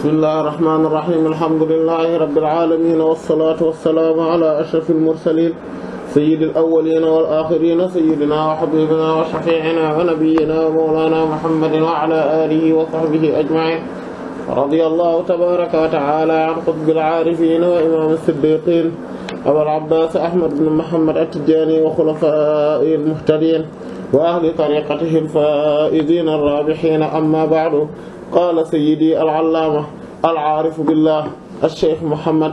بسم الله الرحمن الرحيم الحمد لله رب العالمين والصلاة والسلام على أشرف المرسلين سيد الأولين والآخرين سيدنا وحبيبنا وشفيعنا ونبينا ومولانا محمد وعلى آله وصحبه أجمعين رضي الله تبارك وتعالى عن قطب العارفين وإمام الصديقين أبا العباس أحمد بن محمد التجاني وخلفائه المهتدين وأهل طريقته الفائزين الرابحين أما بعد قال سيدي العلامة العارف بالله الشيخ محمد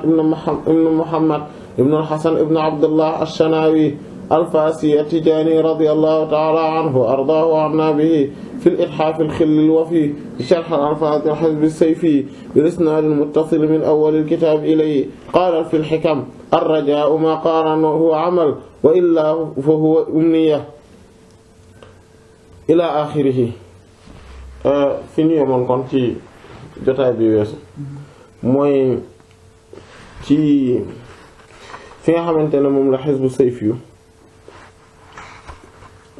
ابن محمد ابن الحسن ابن عبد الله الشناوي الفاسي التجاني رضي الله تعالى عنه وأرضاه وعنا به في الإلحاف الخل الوفي شرح الأنفاذ الحزب السيفي برسنال المتصل من أول الكتاب إليه قال في الحكم الرجاء ما قارن وهو عمل وإلا فهو أمنية إلى آخره Euh, fi ñu yemoon kon ci jotaay bi weesu mooy ci fi nga xamante ne moom la xisbu sayf yu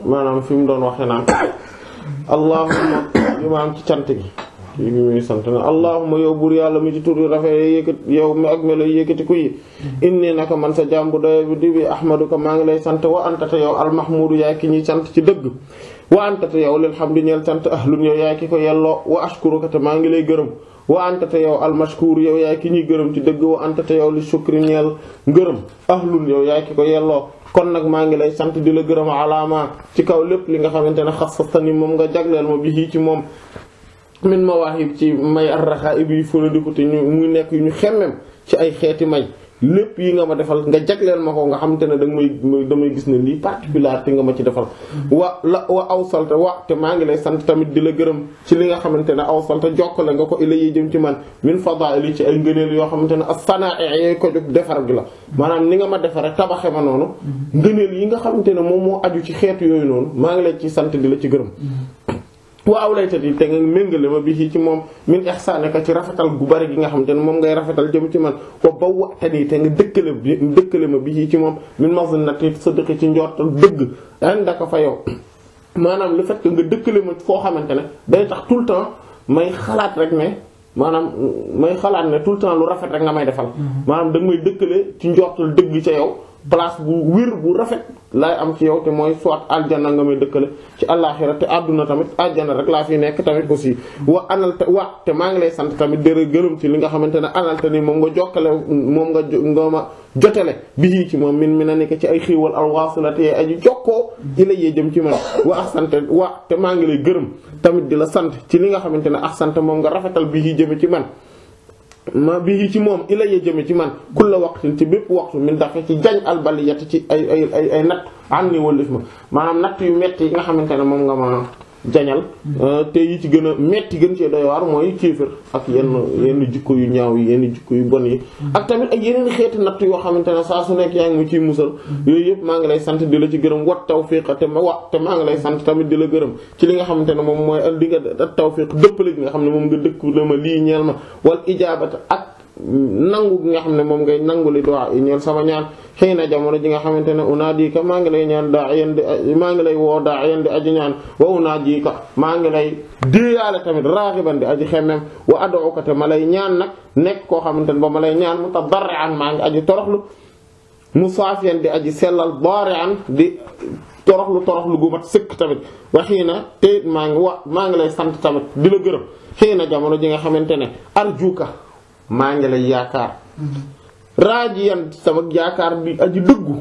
maanaam fi mu doon waxe naan allahumma yu ma am ci cant gi yi muy sant na allahumma yow yàlla mi ci tur yu rafet yëkkat yow mi ak melo yëkkati ku yi inni naka man sa jàmbu doye bi di bi ahmaduka maa ngi lay sant wa antata yow al almahmudu yaay ki ñuy sant ci dëgg wa anta te yow xam hamdu ñeel sant ahlun yow yaay ki ko yelloo wa ashkuruka te maa ngi lay gërëm wa anta te yow almashkuur yow yaay ki ñuy gërëm ci dëgg wa anta te yow li shukri ñeel ngërëm ahlun yow yaay ki ko yelloo kon nag maa ngi lay sant di la gërëm a alaama ci kaw lépp li nga xamante ne xasastani moom nga jagleel ma bi ci moom min mawaahib ci may arraxa ibi fóla diko te ñu muy nekk yu ñu xemmem ci ay xeeti may lépp yi nga ma defal nga jagleel ma ko nga xamante ne danga may damay gis ne lii particularité nga ma ci defal mm-hmm. wa la wa aw salta wa te maa ngi lay sant tamit di la gërëm ci li nga xamante ne aw salta jokkale nga ko ila yi jëm ci man min fadaili ci ay ngëneel yoo xamante ne ak sanaa'i yooyu ko jóg defar gi la mm-hmm. maanaam ni nga ma defare tabaxe ma noonu mm-hmm. ngëneel yi nga xamante ne moom moo aju ci xeetu yooyu noonu maa ngi lay ci sant di la ci gërëm wa awlaytani te nga méngale ma bi ci moom min ihsanika ci rafetal gu bari gi nga xam te ne moom ngay rafetal jëm ci man wa bawwatani te nga dëkkale dëkkale ma bi ci moom min mazinati sidqi ci njortal dëgg indaka fa yow maanaam lu fait que nga dëkkale ma foo xamante ne day tax tout le temps may xalaat rek ne maanaam may xalaat ne tout le temps lu rafet rek nga may defal mm-hmm. maanaam da may dëkkale ci njortal dëgg ca yow place bu wér bu rafet laay am ci yow te mooy soit aljana nga may dëkkale ci àllaaxira te àdduna tamit aljana rek laa fi nekk tamit aussi wa anal te wa te maa ngi lay sant tamit dërë gërëm ci li nga xamante ne anal te moom nga jokkale moom nga nga ma jotele bii ci moom min mi na nekk ci ay xiiwal alwaasilati yee aju jokkoo ila yee jëm ci man wa axsante wa te maa ngi lay gërëm tamit di la sant ci li nga xamante ne axsante moom nga rafetal bii jëme ci man ma bii ci moom ilayya jëme ci man kulla waqtin ci bépp waxtu min dafa ci jañ albaliyati ci ay ay ay ay natt am ni wëllif ma maanaam natt yu metti yi nga xamante ne moom nga ma jañal euh, te yi ci gën a metti gën cee doy waar mooy kéefër ak yenn yenn jikko yu ñaaw yi yenn jikko yu bon yi ak tamit ak yeneen xeeti natt yoo xamante ne saa su nekk yaa ngi mu ciy musal yooyu yëpp maa ngi lay sant di la ci gërëm wat tawfiq te ma wa te maa ngi lay sant tamit di la gërëm ci li nga xamante ne moom mooy li nga at tawfiq dëppale gi nga xam ne moom nga dëkk la ma lii ñeel ma wal ijaabata ak nangu gi nga xam ne moom ngay nangu li du'a yi ñeel sama ñaan xëy na jamono ji nga xamante ne unaadi ka maa ngi lay ñaan daa'iyan di maa ngi lay woo daa'iyan di aji ñaan wa unaaji ka maa ngi lay déeyaale tamit raaxiban di aji xemmem wa ad'uka te ma lay ñaan nag nekk koo xamante ne ba ma lay ñaan mutadarri'an maa ngi aji toroxlu musaafiyan di aji sellal baari'an di toroxlu toroxlu gu mat sëkk tamit wa xii na te maa ngi wa maa ngi lay sant tamit di la gërëm xëy na jamono ji nga xamante ne arjuka maa ngi lay yaakaar yan sama yaakaar bi aji dëggu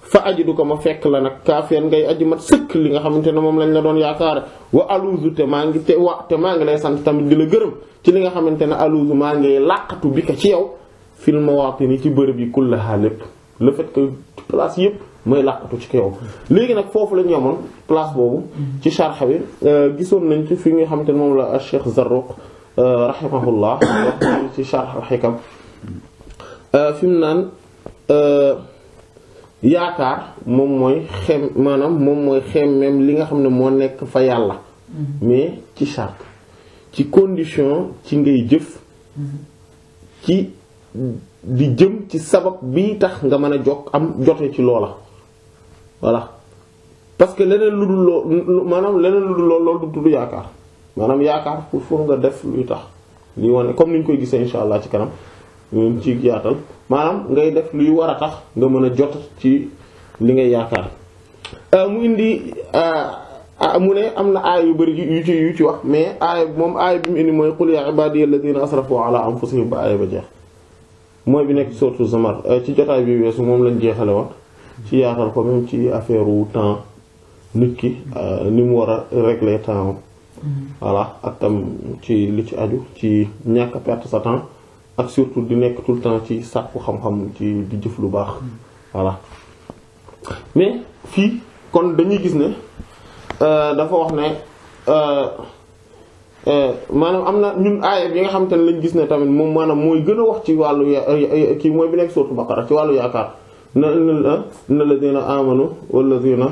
fa aji du ko ma fekk la nag kaafiyan ngay aji mat sëkk li nga xamante ne moom lañ la doon yaakaar wa aluuzu te maa ngi te wa te maa ngi lay sant tamit di la gërëm ci li nga xamante ne aluuzu maa ngay làqatu bi ko ci yow fil mawaatini ci bërëb yi kullaha lépp le fait que place yépp mooy làqatu ci yow léegi nag foofu la ñu amoon place boobu ci sharxa bi euh, gisoon nañ ci fi nga xamante ne moom la Cheikh Zarruq rahimahullah ci sharh al-Hikam euh, fi mu naan euh, yaakaar moom mooy xem maanaam moom mooy xemmem li nga xam ne moo nekk fa yàlla mm-hmm. mais ci charte ci condition ci ngay jëf mm-hmm. ci di jëm ci sabab bi tax nga mën a jokk am jote ci loola voilà parce que leneen lu dul loo maanaam leneen lu dul loolu du tudd yaakaar maanaam yaakaar pour foog nga def luy tax li wane comme ni ñu koy gisee insha allah ci kanam ñu ci yaatal maanaam ngay def luy war a tax nga mën a jot ci li ngay yaakaar euh, mu indi euh, ah, mu ne am na aay yu bari yu ci yu ci wax mais aay moom aay bi mu indi mooy qul ya ibadiy alladhina asrafu ala anfusihim ba aay ba jeex mooy bi nekk surtout Zamar euh, ci jotaay bi weesu moom lañ jeexale woon ci yaatal ko même ci affaire wu temps nit ki ni mu war a régler temps voilà ak tam ci li ci aju ci ñàkk perte sa temps ak surtout di nekk tout temps ci sàkku xam-xam ci di jëf lu baax voilà mais fii kon dañuy gis ne euh, dafa wax ne euh, euh, maanaam am na ñun aaya yi nga xam ne lañ gis ne tamit moom maanaam mooy gën a wax ci wàllu ya kii mooy bi nekk sootu Baqara ci wàllu yaakaar na na na ladina amanu walladina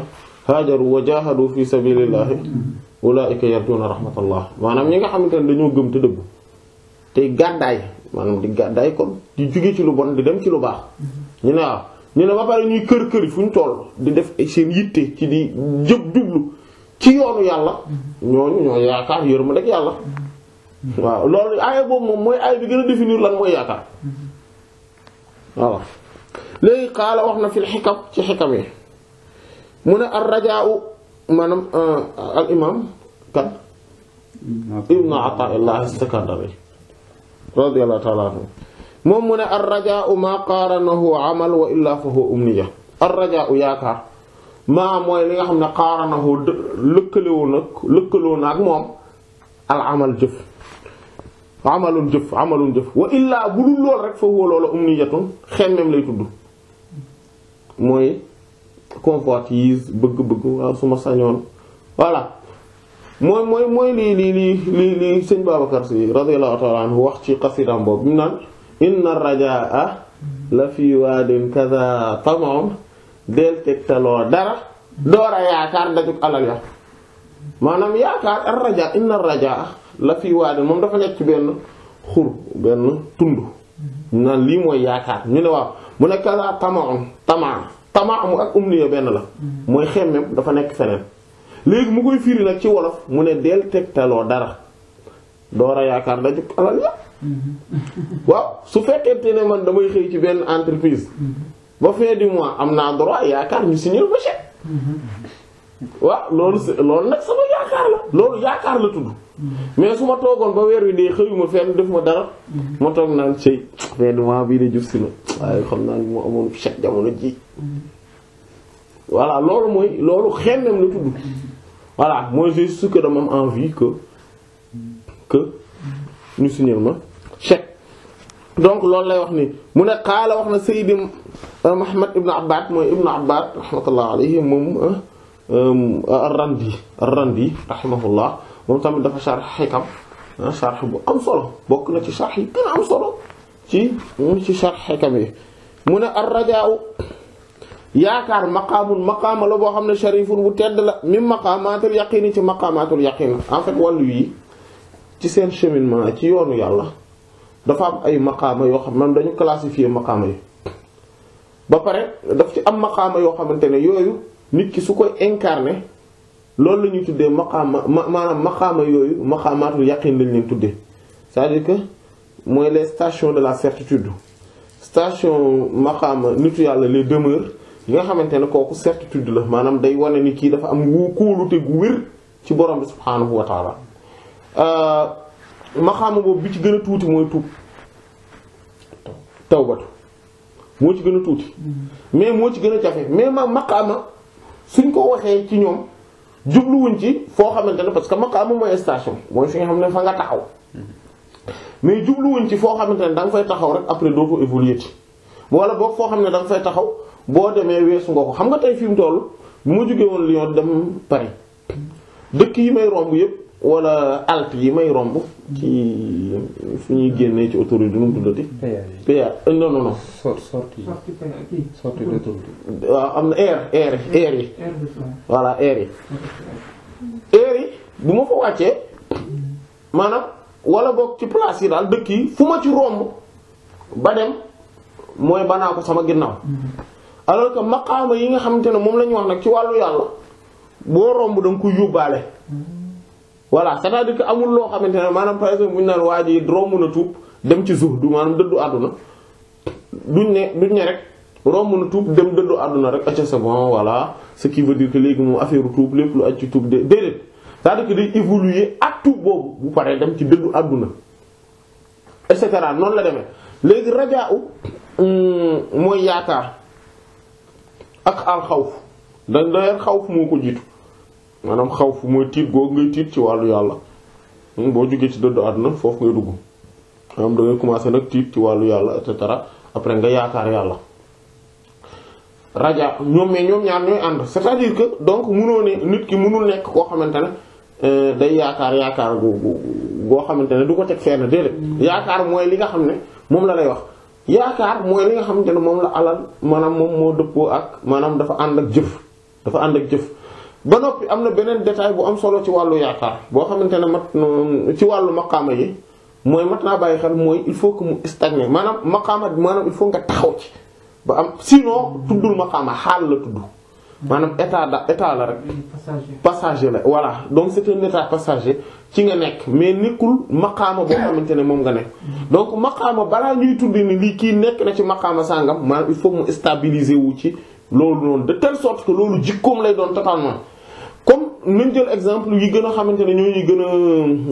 hajaru wa jahadu fi sabilillahi ulaa'ika yarjuuna rahmatallah maanaam ñi nga xam xamante ne dañoo gëm te dëgg tey gàddaay maanaam di gàddaay kon di jóge ci lu bon di dem ci lu baax ñu ne waaw ñu ne ba pare ñuy kër kër fu ñu tool di def seen yitte ci di jëb jublu ci yoonu yàlla ñooñu ñoo yaakaar yërmande ak yàlla waaw loolu aaya boobu moom mooy aaya bi gën a définir lan mooy yaakaar waaw léegi xaala wax na fil xikam ci xikam yi mu ne ar rajaa'u manam al imam kan ibnu Ataa'illaah as-Sakandari radiyallahu ta'ala anhu moom mu ar-rajaa'u ma qaranahu amal wa illa fa huwa umniya ar-rajaa'u yaakaar ma moy li nga xam qaranahu qaaranahu lëkkalewoo nag lëkkaloo na ak moom al amal jëf amalun jëf amalun jëf wa illaa bu dul rek fa huwa loola umniyatun xemmem lay tudd mooy convoitise bëgg-bëgg waaw su ma sañoon voilà mooy mooy mooy lii lii lii lii lii sëñ Babacar Sy radiyallahu ta'ala anhu wax ci xasidaam boobu mu naan inna rajaa la fi waadin kaza tamam del tegtaloo dara door a yaakaar ndajug alal ya maanaam yaakaar ar raja inna raja la fi waadin moom dafa nekk ci benn xur benn tund naan lii mooy yaakaar ñu ne waaw mu ne kaza tamam tamam tamaa mu ak umniya ben la moy xemmem dafa nek feneen léegi mu koy firi nak ci wolof mu ne del tek talo dara door a yaakaar da jëkk alal la waaw su fekkente ne man damay xëy ci ben entreprise ba fin du mois amna droit yakar ñu signer ma chèque waaw loolu si loolu nag sama yaakaar la loolu yaakaar la tudd mais su ma toogoon ba weer wi dee xëyuma fenn def ma dara ma toog naan sëy rendement bii de jub si na jamono ji voilà loolu mooy loolu xennem voilà mooy juste que dama am envie que que ñu signer ma chèque donc loolu lay wax ni mu ne xaala wax na Sayyidi Muhammad ibn Abbad mooy ibn Abbad rahmatullah alayhi moom ah, ar-Randi ar-Randi rahimahullah mom tamit dafa sharh Hikam sharh bu am solo bok na ci sharh yi gën am solo ci ci sharh Hikam yi mu ne ar-raja'u yaakaar maqaamul maqaama la boo xam ne sharifun bu tedd la min maqamatul yaqin ci maqamatul yaqin en fait walu yi ci sen cheminement ci yoonu yàlla dafa am ay maqama yo xamne dañu classifier maqama yi ba pare daf ci am maqama yo xamantene yoyu nit ki su koy incarner loolu la ñuy tuddee maqaama maanaam maqaama yooyu maqaamaatul yaqin lañ leen tuddee c'est-à-dire que mooy les station de la certitude station maqaama nitu yàlla les demeures yi nga xamante ne kooku certitude la maanaam day wane ni kii dafa am gu kóolute gu wér ci borom bi subhaanahu wa taala euh, boobu bi ci gën a tuuti mooy tuub tawbatu moo ci gën a tuuti mm-hmm. mais moo ci gën a jafe mais ma maqaama suñ ko waxee ci ñoom wuñ ci foo xamante ne parce que maqaam mooy station mooy fi nga xam ne fa nga taxaw mais jubluwuñ ci foo xamante ne da nga fay taxaw rek après doo ko évoluer ci wala boog foo xam ne da nga fay taxaw boo demee weesu nga ko xam nga tey fi mu toll bu ma jógee woon Lyon dem Paris dëkk yi may romb yépp wala alt yi may romb ci fu ñuy génnee ci autoroute du nu mu tuddati. péage euh, non waaw am na air air yi. voilà air yi. air yi bu ma ko wàccee maanaam wala boog ci place yi daal dëkk yi fu ma ci romb ba dem mooy banaa ko sama ginnaaw. Mm-hmm. alors que maqaama yi nga xamante ne moom lañu ñu wax nag ci wàllu yàlla boo romb da koy yóbbaale. Mm-hmm. voilà c'est-à-dire amul loo xamante ne maanaam par exemple bu ñu naan waa ji romb na tuub dem ci zuhdu maanaam dëddu àdduna du ne duñ ne rek romb na tuub dem dëddu àdduna rek acca c'est bon voilà ce qui léegi moom affaire tuub lépp lu aj ci tuub déedéet cest à boobu bu paree dem ci dëddu àdduna et cetera noonu la demee léegi rajaa u hmm, mooy yaakaar ak al xawf da daer xawf moo ko jiitu maanaam xaw fu mooy tiit googu ngay tiit ci wàllu yàlla hmm, boo jugee ci dëddu àdduna foofu ngay dugg maanaam da ngay commencer nag tiit ci wàllu yàlla et cetera après nga yaakaar yàlla raja ñoom mais ñoom ñaar ñooy ànd c'est-à-dire que donc mënoo ne nit ki mënul nekk koo xamante ne euh, day yaakaar yaakaar gu goo xamante ne du ko teg fenn déedéet yaakaar mooy li nga xam ne moom la lay wax yaakaar mooy li nga xamante ne moom la alal maanaam moom moo dëppoo ak maanaam dafa ànd ak jëf dafa ànd ak jëf ba noppi am na beneen détail bu am solo ci wàllu yaakaar boo xamante ne mat ci wàllu maqaama yi mooy mat naa bàyyi xel mooy il faut que mu stagner maanaam maqaama maanaam il faut nga taxaw ci am sinon tuddul maqaama xaal la tudd maanaam état da rek. passager la voilà donc c'est un état passager ci nga nekk mais nekkul maqaama boo xamante ne moom nga nekk. donc maqaama balaa ñuy tudd ni lii kii nekk na ci maqaama sàngam maanaam il mu stabiliser wu ci loolu noonu de telle sorte que loolu jikkoom lay doon totalement. comme nañ jël exemple yi gën a xamante ne ñoo ñuy gën a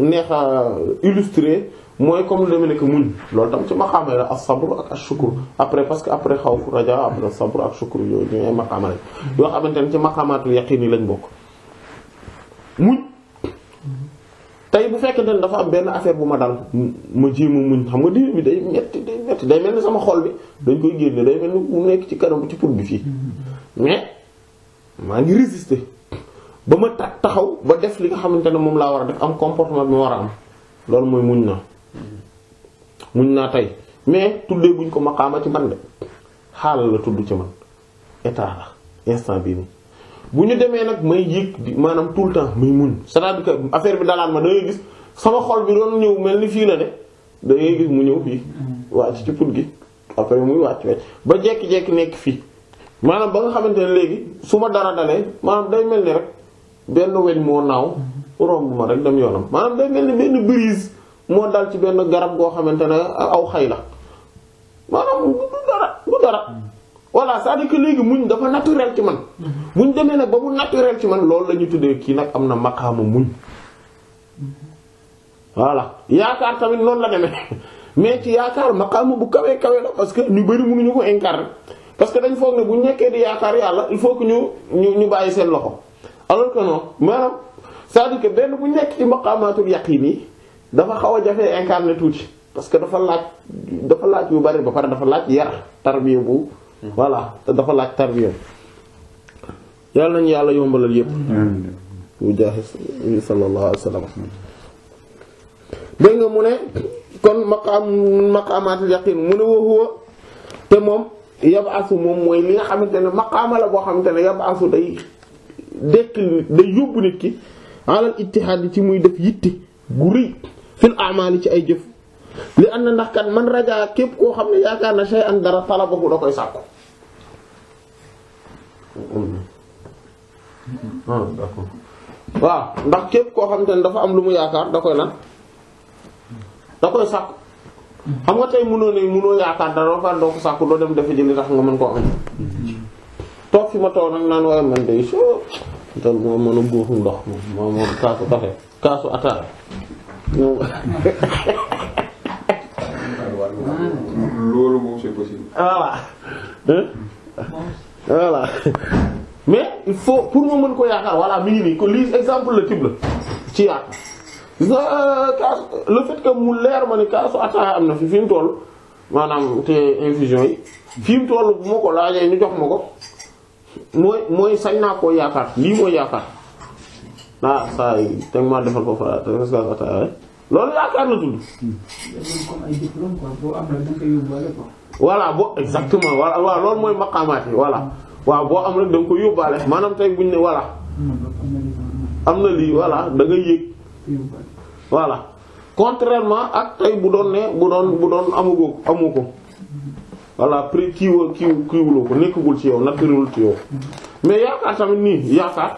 neex a illustrer mooy comme lu demee nekk muñ loolu tam ci maqaama la as-sabr ak ash-shukr après parce que après xawf raja après sabr ak shukr yooyu ñooy ay maqaama lañ yoo xamante ne ci maqaamaatul yaqiin yi lañ bokk muñ tey bu fekkente ne dafa am benn affaire bu ma dal ma jéem a muñ xam nga diir bi day metti day mel ni sama xol bi dañ koy génne day mel ni mu nekk ci kanam ci put bi fii mais maa ngi ba ma taxaw ba def li nga xamante ne moom laa war a def am comportement bi ma war a am loolu mooy muñ naa muñ naa tey mais tuddee buñ ko maqaama ci man de xaal la tudd ci man état la instant bii nii bu ñu demee nag may yëg di maanaam tout le temps may muñ c'est-à-dire affaire bi dalaan ma da ngay gis sama xol bi doon ñëw mel ni fii la de da gis mu ñëw fii wàcc ci put gi après muy wàcc wàcc ba jekki-jekki nekk fii maanaam ba nga xamante ne léegi su ma dara dalee maanaam day mel ni benn weñ moo naaw romb ma rek dem yoonam maanaam day mel ni benn brise moo dal ci benn garab goo xamante ne aw xay la maanaam du dara du dara voilà c'est-à-dire léegi muñ dafa naturel ci man muñ demee nag ba mu naturel ci man loolu la ñu tuddee kii nag am na maqaamu muñ voilà yaakaar tamit noonu la demee mais ci yaakaar maqaamu bu kawee kawe la parce que ñu bari mënuñu ko incarner parce que dañ foog ne bu ñu nekkee di yaakaar yàlla il faut que ñu ñu ñu bàyyi seen loxo alors que non maanaam cest à benn bu nekk ci maqaamaatul yaqiin yi dafa xaw a jafee incarné tuuti parce que dafa laaj dafa laaj yu bari ba pare dafa laaj yar tarbiya bu voilà dafa laaj tarbiya yàlla nañu yàlla yombalal yépp bu jaaxis sallallahu alayhi wa sallam dégg nga mu ne kon maqaam maqaamaatul yaqiin mu ne wa huwa te moom yab'asu moom mooy li nga xamante ne maqaama la boo xamante ne day deqil day yóbbu nit ki alal ittihaad ci muy def yitte gu rëy fil amaali ci ay jëf li am na ndax kan man rajaa képp koo xam ne yaakaar na shay an dara talabahu da koy sàkku ah, ndax képp koo xam te ne dafa am lu mu yaakaar da koy lan da koy sàkku xam nga tey mënoo ne mënoo yaakaar dara ba pare doo ko sàkku doo dem defe ji li nga mën koo am toog fi ma toog nag naan waaye man de soo dal moo mën a góofu ndox moom moom kaasu kafe kaasu ataaya moom loolu moom c'est mais il faut pour ma mën ko yaakaar voilà mi ngi nii ko lii exemple la tib la ci yaakaar euh, kaasu le fait que mu leer ma ni kaasu ataaya am na fi fi mu toll maanaam te infusion yi fi mu bu ma ko laajee ñu jox ma ko mooy mooy sañ naa koo yaakaar lii mooy yaakaar ah saa yi teg maa defal ko fa eh. loolu yaakaar na tudd. voilà boo exactement waaw loolu mooy maqaamaat yi waaw boo am rek da ko yóbbaale maanaam tey buñ ne voilà am na lii voilà da yëg voilà contrairement ak tey bu doon ne bu doon bu doon amu ko amu ko. voilà prix kiiwa kiiw kiiwuloo ko nekkagul ci yow naturel ci yow mais yaakaar tamit nii yaakaar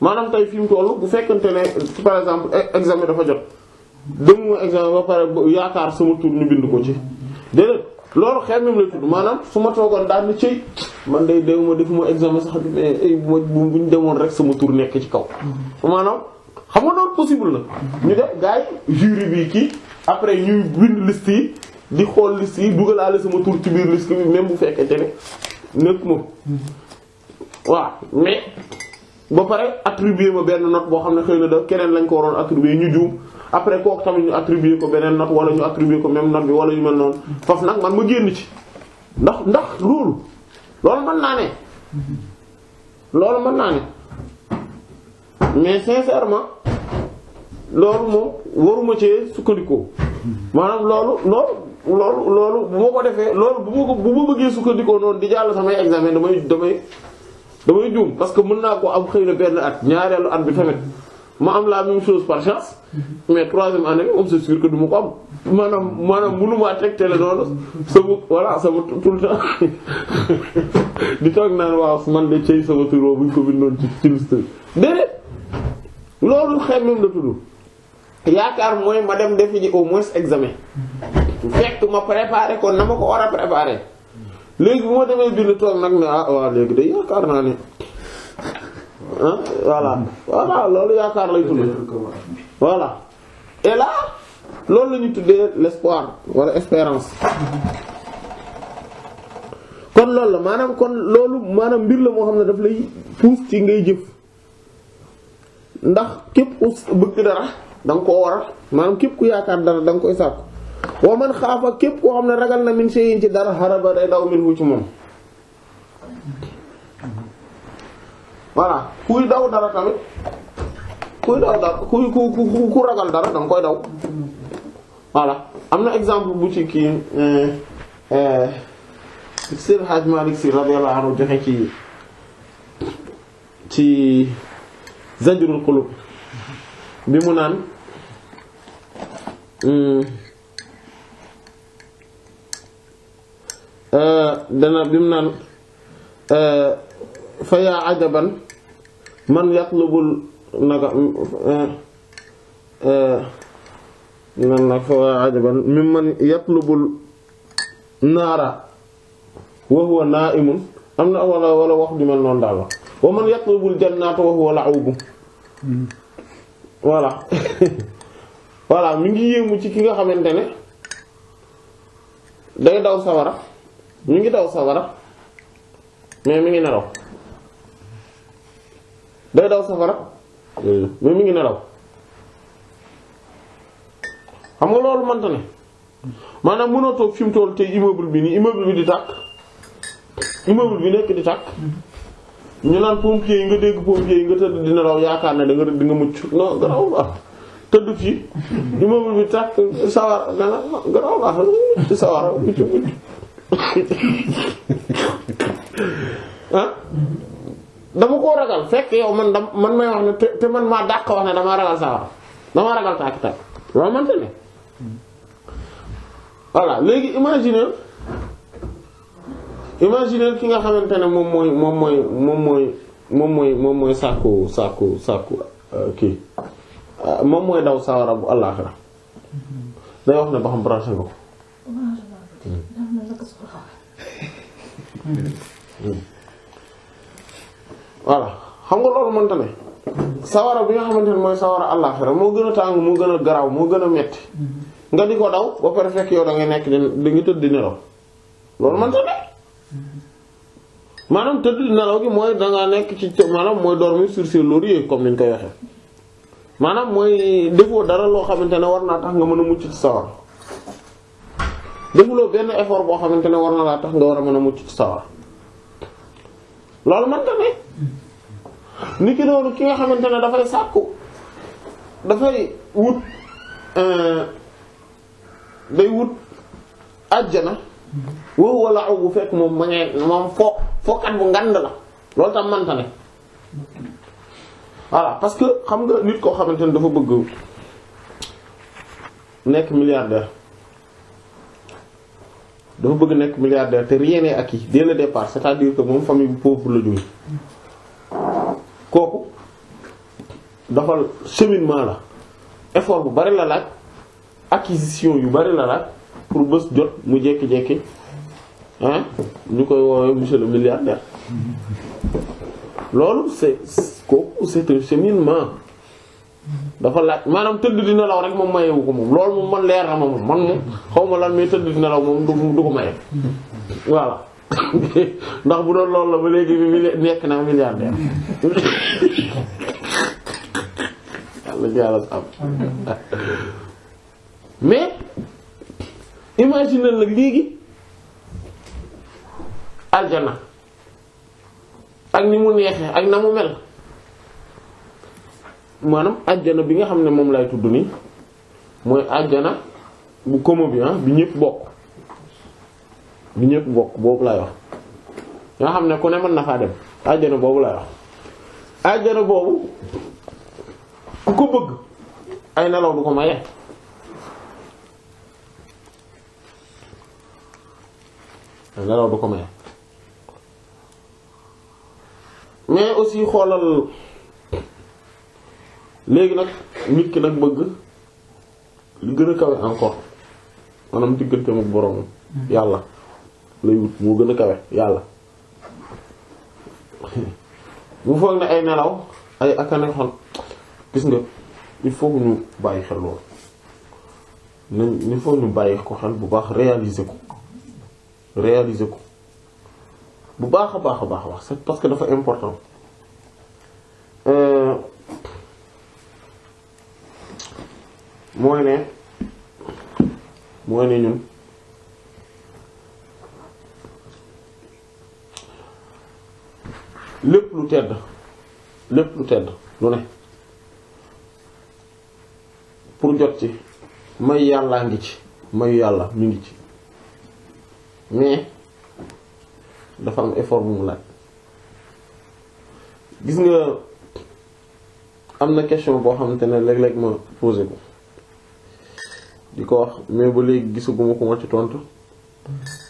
maanaam tey fi mu toll bu fekkante ne par exemple e-, examen dafa jot dem examen ba pare yaakaar sama tour nu bind ko ci de loolu xel même la tudd maanaam su ma toogoon daal ni cëy man day déw ma defuma examen sax mais ay bu ñu demoon rek sama tour nekk ci kaw maanaam xam nga loolu possible na ñu def gars yi jury bi kii après ñuy bind liste yi di xool liste yi dugalaale sama tur ci biir liste bi même bu fekkente ne nekk moom waaw mais ba pare attribuer ma benn note boo xam ne xëy na da keneen lañ ko waroon attribuer ñu juum après kooku tamit ñu attribuer ko beneen note wala ñu attribuer ko même note bi wala ñu mel noonu faf nag man ma génn ci ndax ndax loolu loolu man naa ne loolu man naa ne mais sincèrement loolu moom waruma ci sukkandikoo maanaam loolu loolu loolu loolu bu boo ko defee loolu bu ma bu ma bëggee sukkandikoo noonu di jàll samay examen damay damay damay juum parce que mën naa ko am xëy na benn at ñaareelu at bi tamit ma am la même chose par chance mais troisième année bi moom ma ko am maanaam maanaam mënumaa tegtale noonu sama voilà sama tout le temps di toog naan waaw man de cey sama turoo buñ ko bindoon ci ci liste bi déedéet loolu xel même la tudd yaakaar mooy ma dem defi ji au moins examen fekk ma préparer kon na ko war a préparé léegi bu ma demee julli toog ah wa légui de yakar na né ah voilà voilà loolu yakar lay tuddé voilà et là loolu la ñu l'espoir wala espérance kon lolo manam, kon lolu manam mbir la mo xamné daf lay pousse ci ngay jëf ndax képp ko bëgg dara da nga képp ku yaakaar dara dang koy sakku wa man xaafa képp koo xam ne ragal na min seen ci dara xaraba day daw min wu ci moom voilà kuy daw dara tamit kuy daw dara kuy ku ku ku ragal dara danga koy daw voilà am na exemple bu ci kii eh, eh, Seydi Hadj Malick Sy radiyallahu anhu joxe ci ci Zajrul Qulub bi mu naan hmm, Euh, dana bi mu naan euh, fa yaa ajaban man yatlubul naka euh, nan nag fa yaa ajaban min man naara wa naa na'imun am na wala wala wax ju mel noonu daal la wa man yatlubul jannata wa huwa la'ubu voilà voilà mi ngi yéemu ci ki nga xamante ne day daw sawara mi ngi daw safara mais mi ngi nelaw day daw safara mm. mais mi ngi nelaw xam nga loolu mënta ne maanaam mënoo toog fi mu toll te immeuble bi nii immeuble bi di tàkk immeuble bi nekk di tàkk ñu naan pompier yi nga dégg pompier yi nga tëdd di nelaw yaakaar na da nga di nga mucc non garaawul ah tëdd fii immeuble bi tàkk sawar nela garaawul ah sawar mucc mucc ah dama koo ragal fekk yow man dam man may wax ne te te man maa dàq wax ne damaa ragal sawara damaa ragal tàkk tàkk loolu man ne voilà léegi imaginer imaginer ki nga xamante ne moom mooy moom mooy moom mooy moom mooy moom mooy sàkku sàkku sàkku euh, kii euh, moom mooy daw sawara bu àllaaxira mm-hmm. day wax ne ba xam branché nga ko voilà xam nga loolu mënta ne sawara bi nga xamante ne mooy sawara àllaaxira moo gën a tàng moo gën a garaaw moo gën a metti nga di ko daw ba pare fekk yow da nga nekk di nga tëdd di nelaw loolu mënta ne maanaam tëdd nelaw gi mooy da nekk ci maanaam mooy dormir sur ses lauriers comme ni ñu koy maanaam mooy defoo dara loo xamante ne war naa tax nga mën a mucc ci sawara defuloo benn effort boo xamante ne war na laa tax nga war a mën a mucc ci sawar loolu man tamit ni ki nga xamante ne dafay sàkku dafay wut euh, day wut àjjana woowu wala aw bu fekk moom ma ngee moom foo fookat bu ngand la loolu tam manta ne voilà parce que xam nga nit koo xamante ne dafa bëgg nekk milliardaire dafa bëgg nekk milliardaire te rien ak acquis de le départ c'est-à-dire que moom famille bu pauvre la jógee kooku dafa cheminement la effort bu bari la laaj acquisition yu bari la laaj pour bës jot mu jékki-jékki ah ñu koy woowee monsieur le milliardaire loolu c'est kooku c'est un cheminement. dafa laaj maanaam tëdd di nelaw rek moom mayewu ko moom loolu moom man leer na ma moom man moom xaw ma lan mais tëdd di nelaw moom du ko maye voilà ndax bu doon loolu la ba léegi bi nekk naa milliardaire mais imagine nag léegi aljana ak ni mu neexee ak na mu mel maanaam ajjana bi nga xam ne moom lay tudd ni mooy ajjana bu komo bi ah bi ñëpp bokk bi ñëpp bokk boobu lay wax nga xam ne ku ne mën na faa dem ajjana boobu lay wax ajjana boobu ku ko bëgg ay nelaw du ko maye ay nelaw du ko maye mais aussi xoolal léegi nag nit ki nag bëgg li gën a kawe encore maanaam digganteem ak boroomam yàlla lay wut moo gën a kawe yàlla mu foog ne ay nelaw ay akane xol gis nga il foog ñu bàyyi xel loolu nañ il faut ñu bàyyi ko xel bu baax réaliser ko réaliser ko bu baax a baax a baax baax c'est parce que dafa important euh, mooy ne mooy ne ñun lépp lu tedd lépp lu tedd lu ne pour jot ci may yàllaa ngi ci may yàlla mu ngi ci mais dafa am effort bu mu laaj gis nga am na question boo xamante ne léeg-léeg ma posé ko di ko wax mais ba léegi gisaguma ku ma ci tontu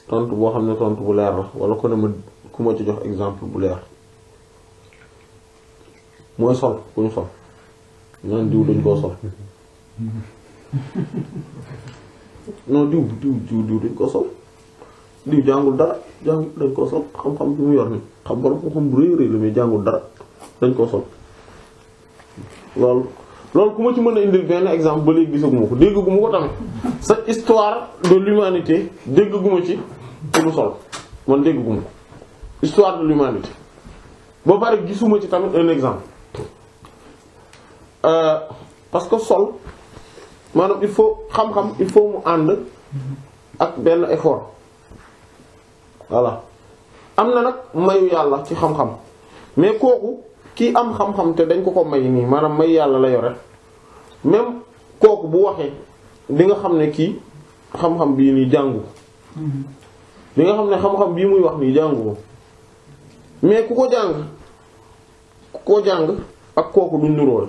tontu boo xam ne tontu bu leer la wala ko ne ma ku ma ci jox exemple bu leer mooy sol kuñ ñu sol naan diw dañ koo sol non diw dañ koo sol diw jàngul dara jàngul dañ koo sol xam-xam bi mu yor ni xam borom ko xam bu rëy rëy la mais jàngul dara dañ koo sol loolu ku ma ci mën a indil benn exemple ba léegi gisaguma ko déggaguma ko tamit sa histoire de l'humanité déggaguma ci ku mu sol man déggaguma ko histoire de l'humanité ba pare gisuma ci tamit un exemple euh, parce que sol maanaam il faut xam-xam il faut mu ànd ak benn effort voilà am na nag mayu yàlla ci xam-xam mais kooku kii am xam-xam te dañ ko ko may nii maanaam may yàlla la yore même kooku bu waxee di nga xam ne kii xam-xam bii nii jàngu li nga xam ne xam-xam bii muy wax nii jàngu ko mais ku ko jàng ku jàng ak kooku du nuróol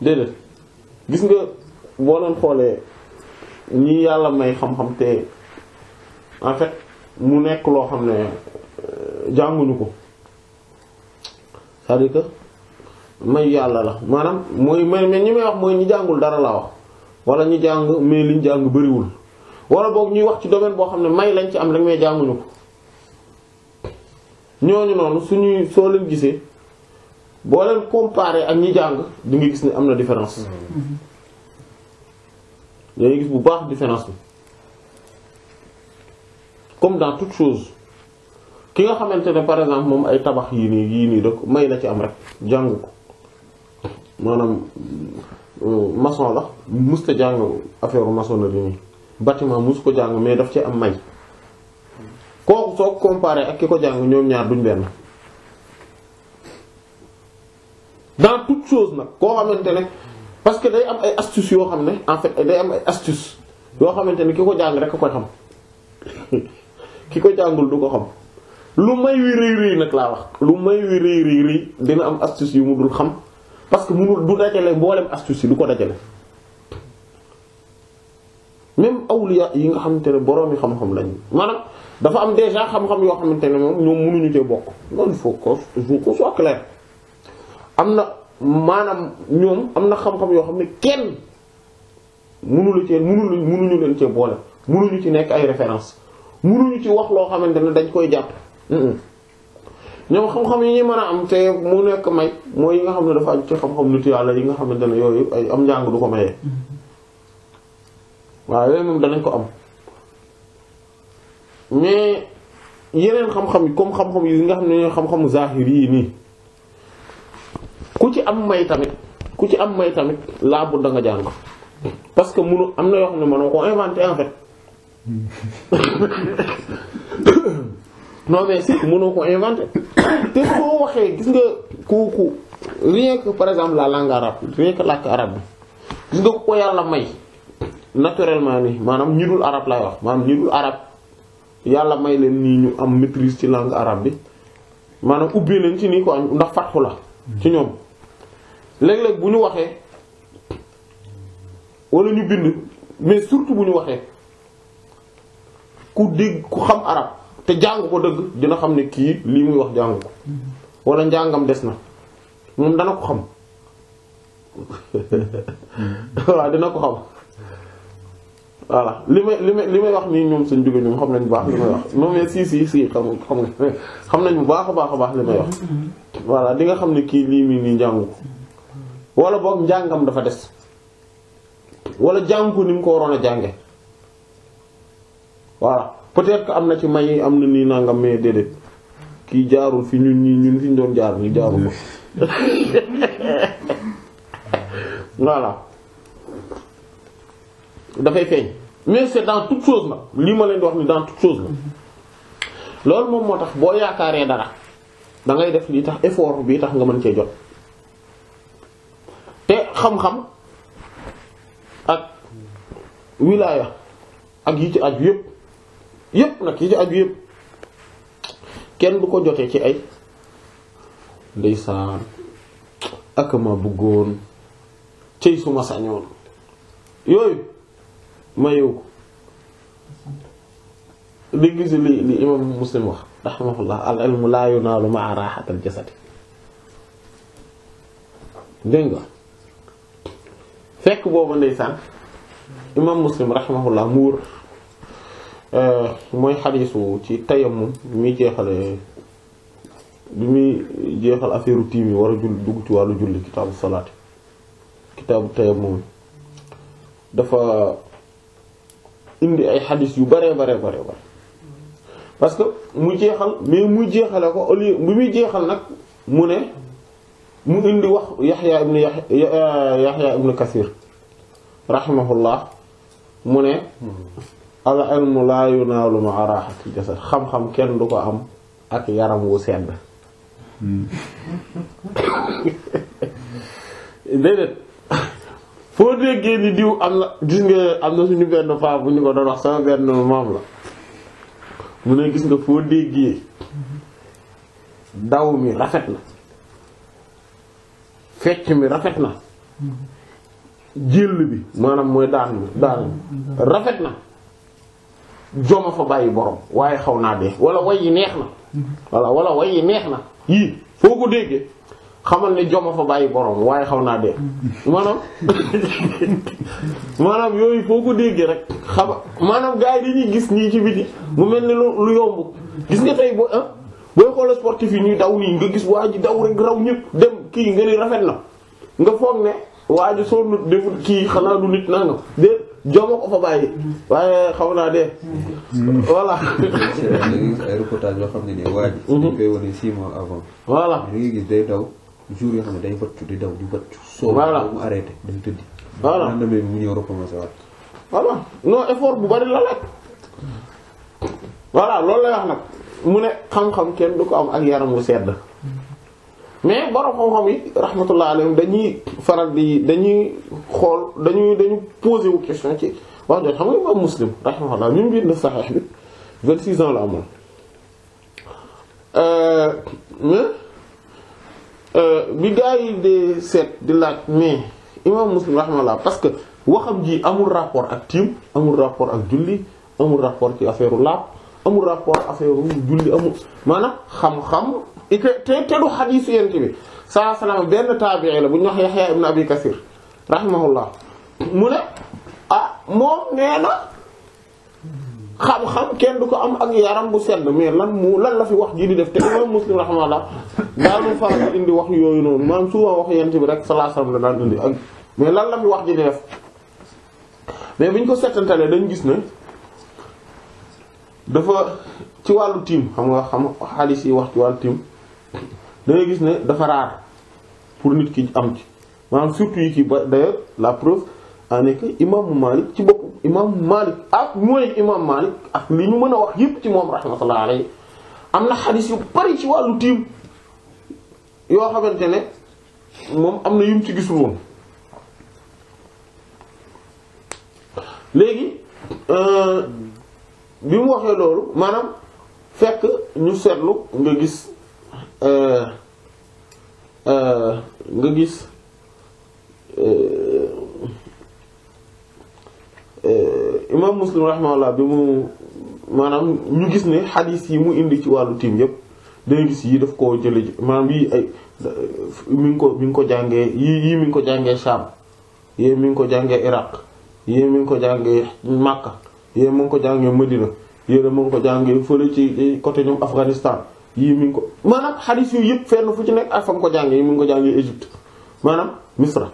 déedéet gis nga boo doon xoolee ñi yàlla may xam-xam te en fait mu nekk loo xam ne euh, jànguñu ko cest à que may yàlla la maanaam mooy may ñi may wax mooy ñi jàngul dara laa wax wala ñu jàng mais liñ jàng bëriwul wala boog ñuy wax ci domaine boo xam ne may lañ ci am rek mais jànguñu ko ñooñu noonu suñuy soo leen gisee boo leen comparé ak ñi jàng di nga gis ni am na différence mm-hmm. da nga gis bu baax différence bi comme dans tout chose ki nga xamante ne par exemple moom ay tabax yii nii yii nii da dëkk may la ci am rek jàng ko maanaam euh, maçon la mus ta jàng affaire maçonnerie nii batima mus ko jàng mais daf ci am may kooku soo comparé ak ko jàng ñoom ñaar duñ benn dans toute chose koo xamante ne parce que day am ay astuces yoo xam ne en fait day am ay astuces yoo xamante ne ki ko jàng rek a koy xam ki ko jàngul du ko xam lu may wi rëy rëy nag laa wax lu may wi rëy rëy dina am astuce yu mu dul xam parce que munul du dajale mboolem astuce yi du ko dajale même awliya yi nga xamante ne boroom yi xam-xam lañ maanaam dafa am déjà xam-xam yoo xamante ne moom ñoom mënuñu cee bokk loolu il faut que il faut que am na maanaam ñoom am na xam yoo xam ne kenn mënula cee mënul mënuñu leen cee boole mënuñu ci nekk ay référence munuñu ci wax loo xamante ne dañ koy jàpp ñoom xam-xam yi ñuy mën a am te mu nekk may mooy yi nga xam ne dafa aju ci xam-xam nitu yàlla yi nga xam ne yooyu ay am njàng du ko mayee danañ ko am mais yeneen xam-xam yi comme xam-xam yi nga xam ne xam-xamu zahir yi nii ku ci am may tamit ku ci am may tamit laa bu da nga jàng parce que munu am na yoo xam ne mënoo ko inventé en fait non mais si mënoo ko inventé te boo waxee gis nga ku ku rien que par exemple la langue arabe rien que làkk arabe bi gis nga ko yàlla may naturellement ni maanaam ñi arab arabe lay wax maanaam ñi dul yàlla may leen nii ñu am maîtrise ci langue arab bi maanaam ubbi leen ci nii ko ndax fatxu la ci ñoom léeg-léeg bu ñu waxee wala ñu bind mais surtout bu ñu waxee ku dégg ku xam arabe te jàng ko dëgg dina xam ne kii lii muy wax jàng ko wala njàngam des na moom dana ko xam voilà dina ko xam voilà li may li may li may wax nii ñoom suñ jóge ñoom xam nañ bu baax li may wax non mais si si xam xam nañ bu baax a baax a baax li may wax voilà di nga xam ne kii lii mii nii jàngu ko wala boog njàngam dafa des wala jàngu ko ni mu ko waroon a jànge voilà peut-être am na ci may am na nii nangam mais déedéet kii jaarul fi ñun ñii ñun fi ñu doon jaar ñu jaarul ko voilà dafay feeñ mais c'est dans toute chose nag lii ma leen di wax ni dans toute chose la loolu moom moo tax boo yaakaaree dara dangay def lii tax effort bii tax nga mën cee jot te xam-xam ak wilaaya ak yi ci aju yépp yépp nag yi ci aju yépp kenn du ko jotee ci ay ndeysaan ak ma bëggoon cëy suma sañoon yooyu ma yëw ko di gis li li muslim wax rahimahullah al ilmu laa yunaalu ma'a raaxatal jasadi dégg fekk boobu ndeysaan imam muslim rahimahullah mu wër moy hadithu ci tayammum mi muy jeexale bi mi jeexal affaireu timi wara yi dug ci walu julli kitab salat kitab tayammum dafa indi ay hadith yu bare bare bare parce que mu jeexal mais mu jeexale ko au lieu bu mi jeexal nak mune mu indi wax yahya ibn yahya ibn kasir rahimahullah mune al ilmu laa yunaalu ma'a raahatil jasad xam-xam kenn du ko am ak yaram wu sedd hmm. déedéet foo déggee ni diw am na gis nga am na suñu benn paa bu ñu ko doon wax sama benn maam la mu ne gis nga foo déggee daw mi rafet na fecc mi rafet na jël bi maanaam mooy daan bi daan rafet na jooma fa bàyyi borom waaye xaw naa dee wala way yi neex na wala wala way yi neex na yii foo ko déggee xamal ne jooma fa bàyyi boroom waaye xaw naa de maanaam maanaam yooyu foo ko déggee rek xama maanaam gars yi dañuy gis nii ci biti mu mel ni lu yomb gis nga tey boo ah booy xool sportif yi ñuy daw nii nga gis waa ji daw rek raw ñëpp dem kii nga ni rafet na nga foog ne waa ji soo nut deful kii xanaa du nit naa nga jooma ko fa bàyyi waaye xaw naa de voilà. ay reportage yoo xam ne nii waa ji. dañ koy wane six mois avant. voilà da gis day daw jour yoo xam ne day wàccu di daw di wàccu. soo mu arrêté dañ tëddi. effort bu bari la laaj. voilà loolu lay wax nag mu ne xam-xam kenn du ko am ak yaram wu sedd. mais borom xam-xam yi rahmatullah alayhim dañuy faral di dañuy xool dañuy dañu posé wu question ci wax jooju xam nga imam muslim rahmatullah bi mu bind saxiix bi 26 ans la amoon euh, mais euh, bi gaa yi de seet di laaj mais imam muslim rahmatullah parce que waxam ji amul rapport ak tiim amul rapport ak julli amul rapport ci affaire u laab amul rapport affaire julli amul maanaam xam-xam. et que te te xadiis yent bi saa salaam benn taabi'i la bu ñu wax Yaxya ibn Abi Kasir rahimahullah mu ne ah moom nee na xam-xam kenn du ko am ak yaram bu sedd mais lan mu lan la fi wax ji di def te imam Muslim rahimahullah daal mu faral indi wax yooyu noonu maanaam souvent wax yent bi rek sallallahu alayhi wasallam la daan indi ak mais lan la fi wax ji di def mais bi ñu ko settantalee dañ gis na dafa ci wàllu tiim xam nga xam xaalis yi wax ci wàllu tiim da gis ne dafa raar pour nit ki am ci maanaam surtout yi kii ba d'ailleurs la preuve en est imaamu Malik ci bopp imaamu Malik ak mooy imaamu Malik ak li ñu mën a wax yëpp ci moom rahmatullah alayhi am na xadis yu bari ci wàllu tiim yoo xamante ne moom am na yum ci gisul léegi euh, bi mu waxee loolu maanaam fekk ñu seetlu nga gis Euh, euh, nga gis euh, imaam muslim rahimahullah bi mu maanaam ñu gis ne xadiis yi mu indi ci wàllu tiim yépp dañu yi daf koo jële maanaam yi ay mi ko mi ngi ko jàngee yii yii mi ngi ko jàngee Sham yii mi ngi ko jàngee Iraq yii mi ngi ko jàngee Makka yii mu ngi ko jàngee Medina yii mu ngi ko jàngee fële ci côté ñoom Afghanistan yii mu ngi ko maanaam xadis yooyu yëpp fenn fu ci nekk ak fa nga ko jàngee mi ngi ko jàngee Égypte maanaam Misra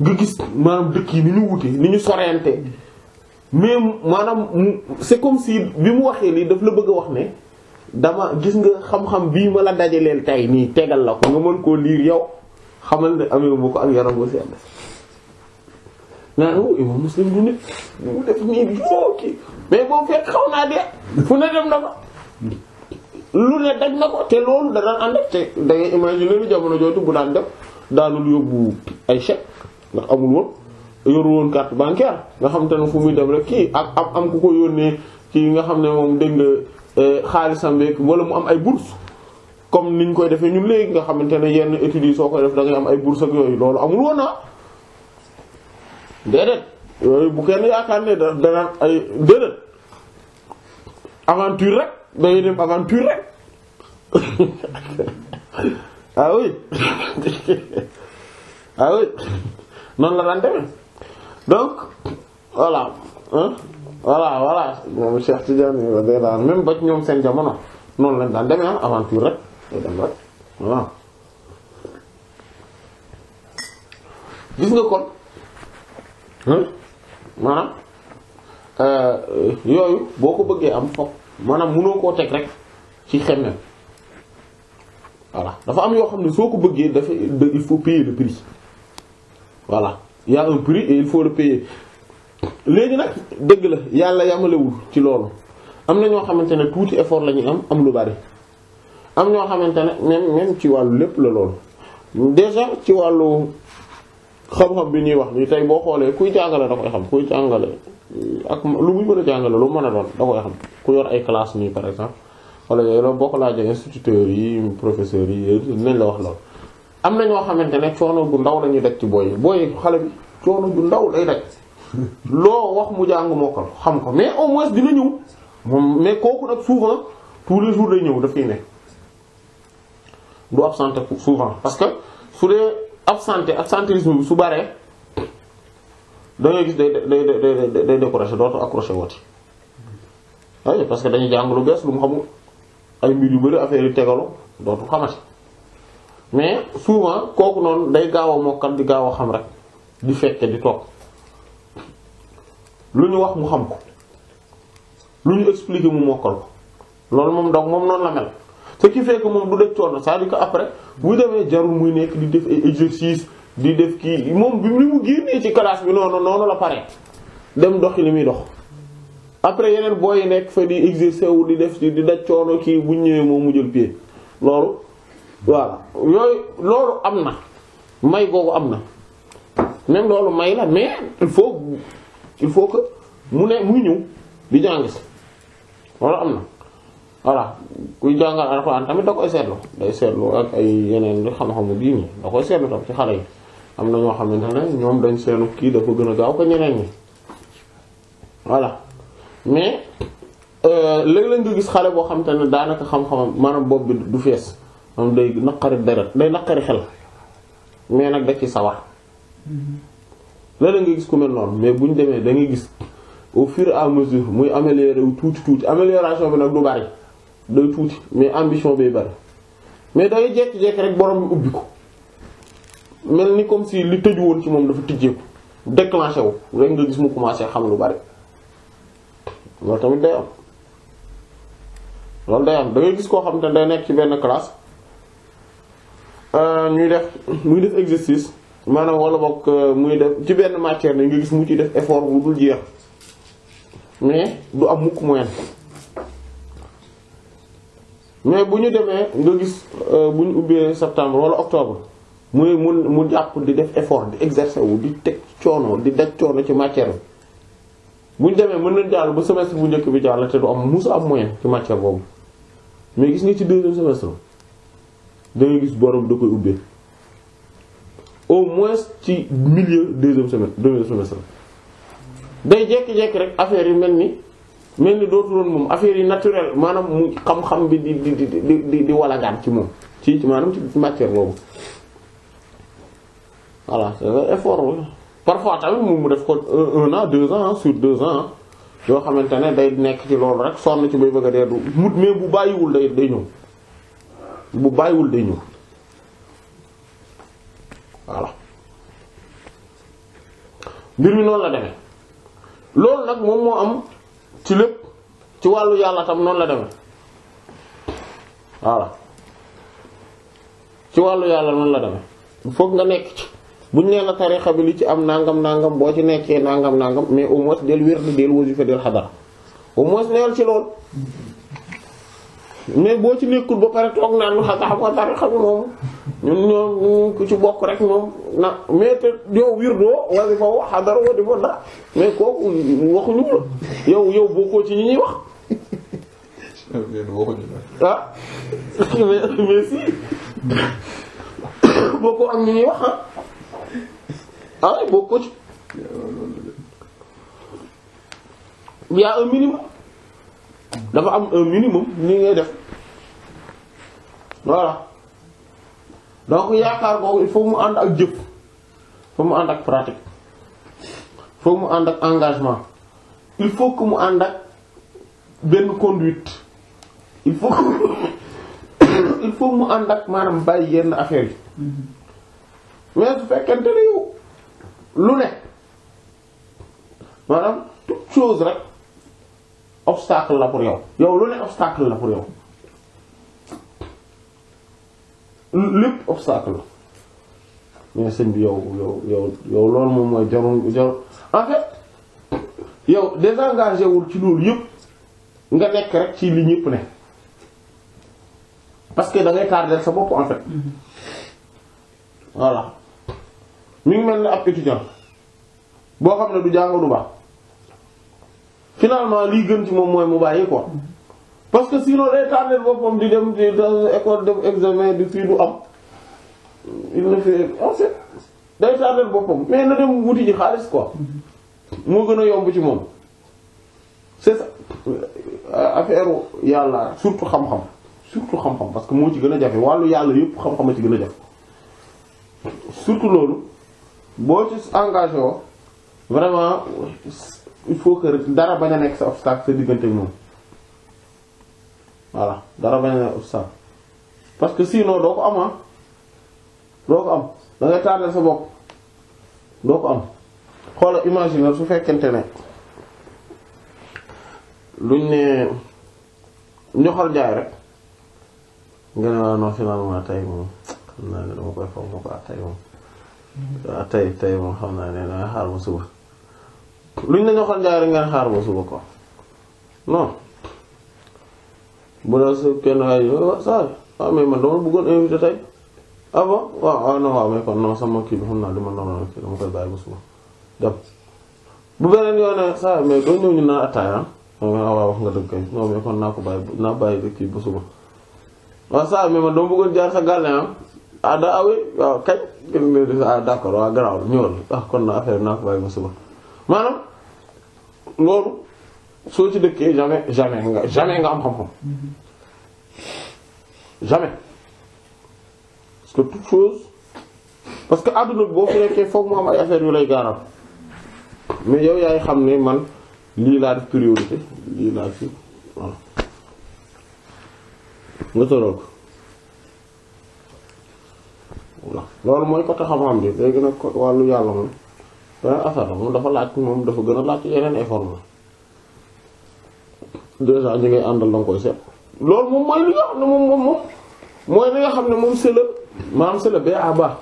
nga gis maanaam dëkk yi ni ñu wute ni ñu sorente mais maanaam c'est si bi mu waxee lii daf la bëgg a wax ne dama gis nga xam-xam bii ma la tey nii tegal la ko nga mën koo liir yow xamal ne amee ak yaram boo seetlu nit mu def nii kii mais boo fekk xaw naa dee fu ne dem na ba. lu ne daj na ko te loolu da daan ànd ak te da ngay imaginer lu jamono jooju bu daan dem daanul yóbbu ay chèque ndax amul woon yoru woon carte bancaire nga xam ne fu muy dem rek ak am am ku ko yónnee kii nga xam ne moom dégg nga eh, xaalisam beeg wala mu am ay bourse comme niñ koy defee ñun léegi nga xamante ne yenn études yi soo koy def da am ay bourse ak yooyu loolu amul woon ah déedéet yooyu bu kenn yaakaar ne da dana ay déedéet aventure rek dañuy dem aventure rek ah oui ah oui noonu la daan demee donc voilà hein voilà moom Cheikh ci jamono noonu lañ daan demee am ah, aventure rek day gis nga kon maanaam euh, yooyu boo ko bëggee am fokk maanaam mënoo koo teg rek ci xemmem voilà dafa am yoo xam ne soo ko bëggee dafa dëgg faut payer le prix voilà il y a un il faut le payer léegi nag dëgg la yàlla yamalewul ci loolu am na ñoo xamante ne tuuti effort la ñuy am am lu bari am ñoo xamante ne même ci wàllu lépp la loolu déjà ci wàllu xam-xam bi ñuy wax nii tey boo xoolee kuy jàngale da koy xam kuy jàngale ak lu muy man a jàngale lu mën a doon da koy xam ku yor ay classe nii par exemple wala yooyu boo ko laajee instituteurs yi professeurs yi nañ la wax lool. am na ñoo xamante ne coono bu ndaw la ñuy daj ci booy booy xale bi coono bu ndaw lay daj loo wax mu jàng mokkal xam ko mais au moins dina ñëw moom mais kooku nag souvent tous les jours day ñëw dafay ne du absente souvent parce que su dee. ab absentéisme bi su baree da ngay gis day day day day décroché dootu accroché wooti waaye parce que dañu jàng lu bees lu mu xamul ay mbir yu bëri affaire yu tegalu dootu xamati mais souvent kooku noonu day gaaw a mokkal di gaaw a xam rek di fekke di toog lu ñu wax mu xam ko lu ñu expliquer mu mokkal ko loolu moom donc moom noonu la mel ce qui fait moom du def coono c'est-à-dire que après bu demee jarul muy nekk di def ay exercice di def kii moom bi mu génnee ci classe bi noonu noonu la pare dem doxi li muy dox après yeneen booy nekk fa di exercer wu di def di daj coono kii bu ñëwee moom mu jël pied loolu waaw yooyu loolu am na may googu am na même loolu may la mais il faut il faut que mu ne muy ñëw di jàng si loolu am na voilà kuy jàngal alxuraan tamit da koy seetlu day seetlu ak ay yeneen xam-xamu diini da koy seetlu tam ci xale yi am na ñoo xam ne ñoom dañ seenu kii dafa gën a gaaw ko ñeneen ñi voilà mais euh, léeg-léeg nga gis xale boo xamante ne daanaka xam-xamam maanaam bopp bi du fees moom day naqari deret day naqari xel mais nag da ci sawar mm-hmm. léeg-léeg nga gis ku mel noonu mais bu ñu demee da ngay gis au fur et à mesure muy améliorer wu tuuti tuuti amélioration bi nag du bari day tuuti mais ambition bay bari mais day jékki-jékki rek borom bi ubbi ko mel ni comme si li tëju woon ci moom dafa tijjeeku déclenché wu rek nga gis mu commencé xam lu bari loolu tamit day am loolu day am da ngay gis koo xam ne day nekk ci benn classe euh, ñuy def muy def exercice maanaam wala bokk euh, muy def ci benn matière ni nga gis mu ci def effort bu dul jeex mais du am mukk moyen mais bu ñu demee nga gis euh, bu ñu ubbee septembre wala octobre mu mun mu jàpp di def effort di exercer wu di teg coono di daj coono ci matière bi bu ñu demee mën nañ jàll ba semestre bu njëkk bi jàll te du am musu am moyen ci matière boobu mais gis nga ci deuxième semestre da ngay gis borom da koy ubbee au moins ci milieu deuxième semestre deuxième semestre day jékki-jékki rek affaire yi mel ni. mel ni dootu doon moom affaire yi naturel maanaam mu xam-xam bi di di di di di walagaan ci moom ci maanaam ci matière boobu voilà c'est effort parfois tamit mu def ko un an deux ans sur deux ans yoo xamante ne day nekk ci loolu rek sonn ci bay bëgg a dee du mut mais bu bàyyiwul day day ñëw bu bàyyiwul day ñëw voilà mbir mi noonu la demee loolu nag moom moo am. ci lépp ci wàllu yàlla tam noonu la demee voilà ci wàllu yàlla noonu la demee foog nga nekk ci buñ nee la tarixa bi li ci am nangam nangam boo ci nekkee nangam nangam mais au moins del wér di del wasifa del xadara au moins neel ci loolu mais boo ci nekkul ba pare toog naan lu xasax ko tarixa bi moom ñun ñoom ku ci bokk rek moom na mais te yow wirdo wasi faw xadar wa di fa dara mais kooku waxuñu la yow yow bokkoo ci ñi ñuy wax ah mais bokkoo ak ñi ñuy wax ah ah bokkoo ci yaa un minimum dafa am un minimum ni ngay def voilà donc yaakaar googu il faut mu ànd ak jëf faut mu ànd ak pratique faut mu ànd ak engagement il faut que mu ànd ak benn conduite il faut il mu ànd ak maanaam bàyyi yenn affaire yi mm-hmm. mais su fekkente ne yow lu ne maanaam toute chose rek obstacle la pour yow yow lu ne obstacle la pour yow lépp obstacle la mais sëñ bi yow yow yow loolu moom mooy jarul jarul en fait yow désengagé wul ci loolu yëpp nga nekk rek ci li ñëpp ne parce que da ngay tardel sa bopp en fait voilà mi ngi mel ni ab étudiant boo xam ne du jàng baax finalement lii gën ci moom mooy mu bàyyi quoi. parce que sinon day tànneel boppam di dem di dans école def examen du am il ne fait ah, en day tànneel boppam mais na dem wuti ji xaalis quoi moo gën a yomb ci moom c'est ça affaire yàlla surtout xam-xam surtout parce que moo ci gën a jafe wàllu yàlla yëpp xam-xam a ci gën a jafe surtout loolu boo ci engagé woo vraiment il faut que dara bañ a nekk sa obstacle sa diggante moom voilà dara bañ a obstacle parce que sinon doo ko am ah doo ko am da nga sa bopp doo ko am xoola imaginer su fekkente ne luñ ne ñoxal jaay rek nga ne waa non finalement moom xam naa ne dama koy foog ma ah, xaar ba suba luñ ne ñoxal jaay rek nga xaar ba suba ko non bu la sa kenn ay saa oh, waaw mais man dama bëggoon invité tey avant ah waaw waaw non waaw mais kon non sama kii bi xam naa li ma noonu kii dama koy ba suba dem bu beneen mais man dama bëggoon jaar sa gàlle ah ah daa ah waaw kañ kenn ah, waaw garaaw ñëwal ah kon na affaire naa ko bàyyi ba suba maanaam loolu. soo ci dëkkee jamais jamais nga jamais nga am xam-xam jamais parce que toute chose parce àdduna boo fi nekkee foog mu am ay affaires yu lay gaaral mais yow yaay xam ne man lii laa def priorité lii laa fi voilà nga toloo loolu mooy côté xam-xam bi léegi nag wàllu yàlla moom beneen affaire la moom dafa laaj moom dafa gën a laaj yeneen effort moom déjà ñi ngay àndal danga koy seet loolu moom mooy li nga xam ne moom moom moom mooy li nga xam ne moom c'est le maanaam c'est le baax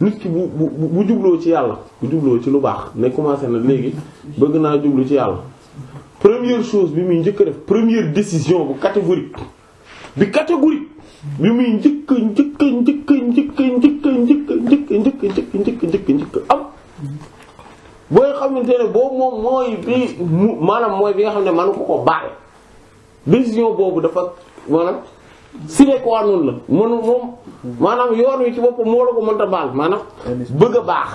nit ki bu bu bu jubloo ci yàlla bu jubloo ci lu baax ne commencé na léegi bëgg naa jublu ci yàlla première chose bi muy njëkk a def première décision bu catégorique bi catégorique bi muy njëkk njëkk njëkk mooy bi mu maanaam mooy bi nga xam ne manu ko ko baare décision boobu dafa maanaam sine qua non la mënu moom maanaam yoon wi ci boppam moo la ko mënta baal maanaam bëgg a baax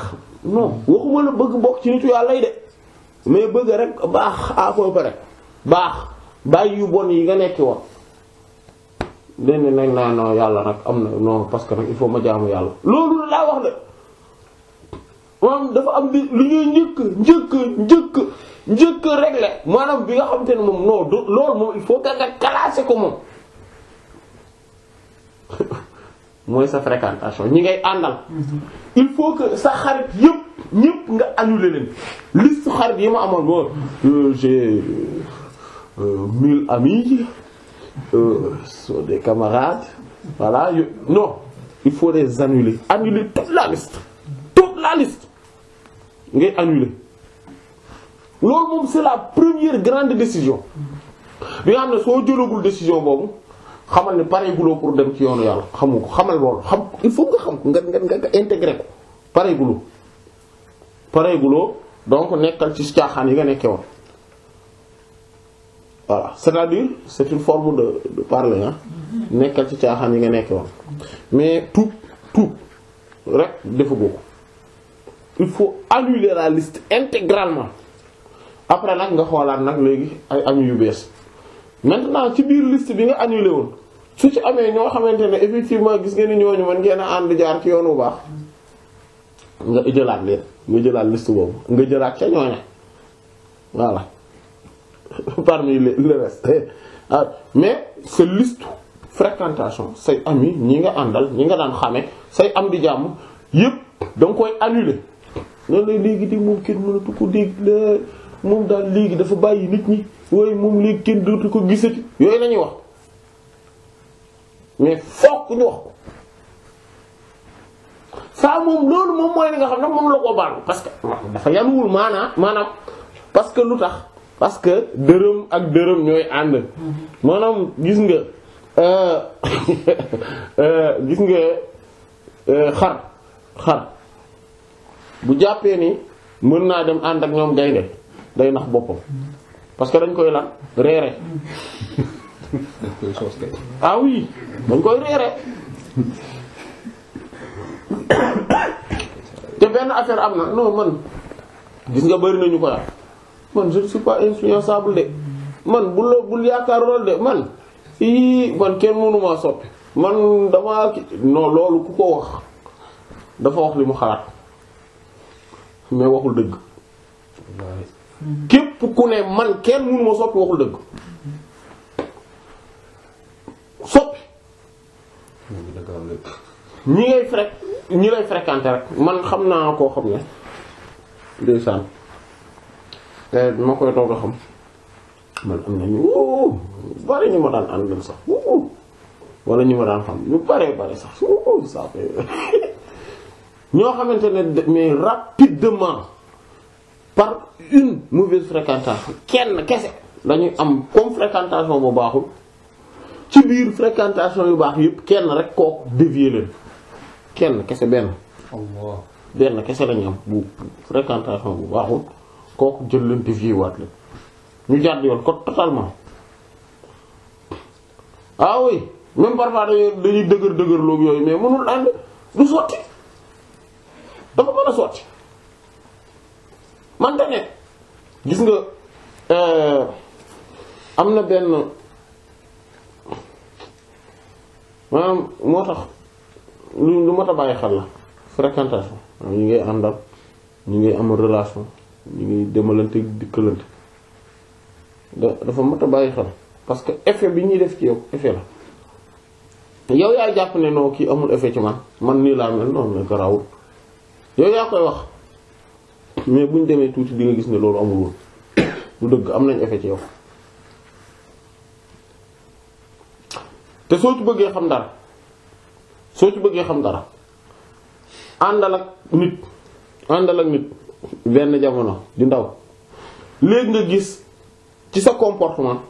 non waxuma la bëgg bokk ci nitu yàlla yi de mais bëgg rek baax à peu près baax bàyyi yu bon yi nga nekki woon denn nag naa non yàlla nag am na non parce que nag il faut ma jaamu yàlla loolu laa wax de moi, dafa am non il faut que nga classer ko Moi, fréquentation mm-hmm. il faut que ça xarit annuler liste j'ai mille amis euh, sont des camarades voilà non il faut les annuler annuler toute la liste toute la liste ngay annuler loolu mom c'est la première grande décision bi nga xamné so soo jëlagul décision bobu xamal ni ne gulo pour dem ci yoonu yalla xamu xamal loolu xam il faut nga xam ko nga nga nga intégré ko pareeguloo gulo donc nekkal ci caaxaan yi nga nekkee woon voilà c'est-à-dire c'est une forme de de parler hein nekkal ci caaxaan yi nga nekkee woon mais tout tout rek defu ko il faut annuler la liste intégralement après nak nga xolat nak léegi ay amis yu bees maintenant ci biir liste bi nga annuler woon su ci amé ño xamante effectivement gis ngeen ni ñooñu mën ngeen a jaar ci yoonu bu baax nga jëlaat leen nga jëlaat liste boobu nga jëlaat ca ñooña voilà parmi les le reste ah, mais ce liste fréquentation say amis ñi nga andal ñi nga daan xamé say am di jamm yépp danga koy annuler nan la léegi di moom kenn mënatu ko dégg la moom daal léegi dafa bàyyi nit ñi waaye moom léegi kenn dootu ko gisati yooyu lañuy wax mais fokk ñu wax ko saa moom loolu moom mooy li nga xam ne moom la ko baal parce que dafa yanuwul maanaam maanaam parce que lu tax parce que dërëm ak dërëm ñooy ànd maanaam gis nga euh, euh, gis nga euh, xar xar bu jappé ni mën na dem and ak ñoom gaynde day nax bopam parce que dañ koy la réré ah oui dañ koy réré té ben affaire amna no man gis nga bari nañu ko man je suis pas influençable dé man lo bu yaakar lool dé man ii man kenn mënu ma soppé man dama non lolu ku ko wax dafa wax li mu mais waxul dëgg képp ku ne man kenn mënu ma soppi waxul dëgg soppi ñi lay fréquenter rek man xam naa koo xam ne ndeysaan eh, ma koy doog a xam man am na ñu wuu bari ñu ma daan àndal sax wuu wala ñu ma daan xam ñu bare bare sax wuu saa ño xamantene mais rapidement par une mauvaise fréquentation kenn kessé dañuy am comme fréquentation bu baaxul ci bir fréquentation yu baax yépp kenn rek ko dévier leen kenn ben Allah ben kessé lañu am bu fréquentation bu baaxul ko jël leen dévier waat leen ñu jàdd yoon ko totalement ah oui même parfois dañuy dëgër dëgër lok yoy mais mënul and du sotti na ne gis nga euh, am na benn maanaam moo tax lu lu mot a bàyyi xel la fréquentation ñu ngay àndal ñu ngay am relation ñu ngay demalante dikkalante da dafa mat a bàyyi xel parce que effet bi ñuy def ci yow effet la yow yaa jàpp ne noo kii amul effet ci man man nii laa mel noonu la garawul yooyu yaa koy wax mais bu ñu demee tuuti di nga gis ne loolu amul woon dëgg am nañ effet ci yow te soo ci bëggee xam dara soo ci bëggee xam dara àndal ak nit àndal nit benn jamono di ndaw léegi nga gis ci sa comportement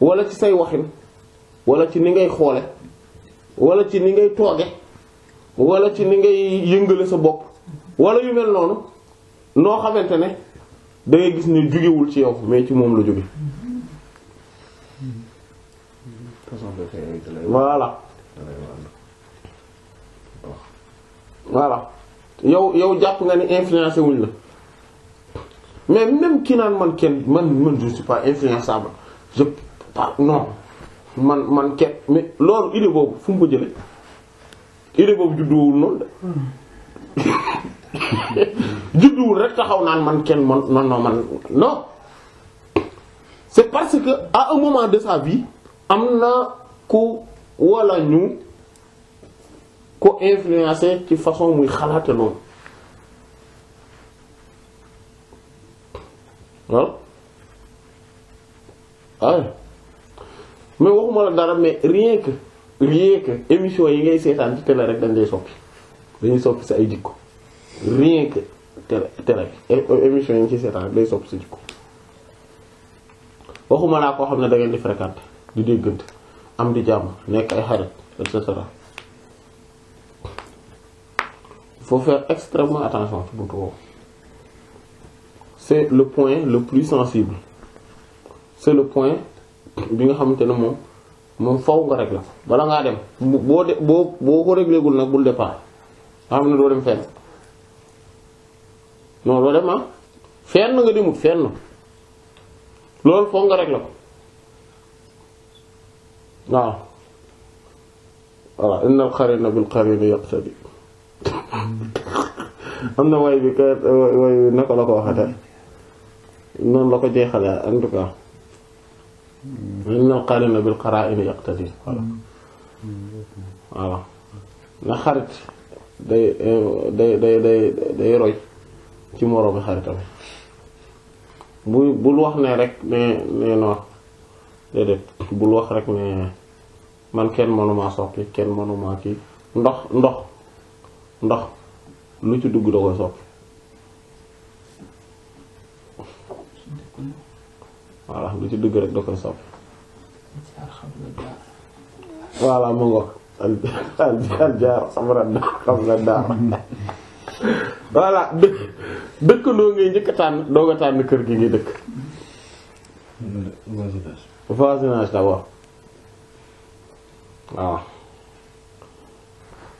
walla ci say waxin wala ci ni ngay xoole walla ci ni ngay tooge wala ci ni ngay yëngale sa bopp wala yu mel non no xamantene ne da ngay gis ne jógewul ci yow mais ci mom la jóge voilà voilà yow yow jàpp nga ni influencé wuñ la mais même ki nan man ken man man je suis pas influençable je pas non man man kenn mais loolu idée boobu fu mu ko jële idée boobu judduwul noonu de hmm. judduwul rek taxaw nan man ken man non non man non c'est parce que à un moment de sa vie am na ku wala ñu ko influencer ci façon muy xalaate non non ah mais waxuma la dara mais rien que rien que émission yi ngay seetaan ci télé rek dañ lay soppi dañuy soppi sa ay jikko rien que télé télé bi émission yi ñu ci seetaan day sopp sa jikko waxuma laa koo xam da ngeen di fréquenter di déggante am di jàmm nek ay xarit et cetera faut faire extrêmement attention ci buntu c'est le point le plus sensible c'est le point bi nga xamante ne mom moom faw nga régler bala nga dem bo bo boo boo ko réglégul nag bul départ amna do dem fenn non vraiment fenn nga demut fenn lool fo nga rek la na wala voilà innal qarina bil qarini yaqtabi amna way bi ka way nako naka la ko waxate noonu la ko jeexale en tout cas innal kharina bil qara'ini yaqtabi wala wala na xarit day day day day day roy ci xarit xaritam bu bul wax ne rek ne ne dedet buluah bul wax rek ne man ken monuma soppi ken monuma ki ndox ndox ndox lu ci dugg da soppi wala lu ci dugg rek da soppi voilà mu ngoog al jaar al jaar voilà dë dëkkandoo ngay njëkk a kër gi ngay dëkk. waaw.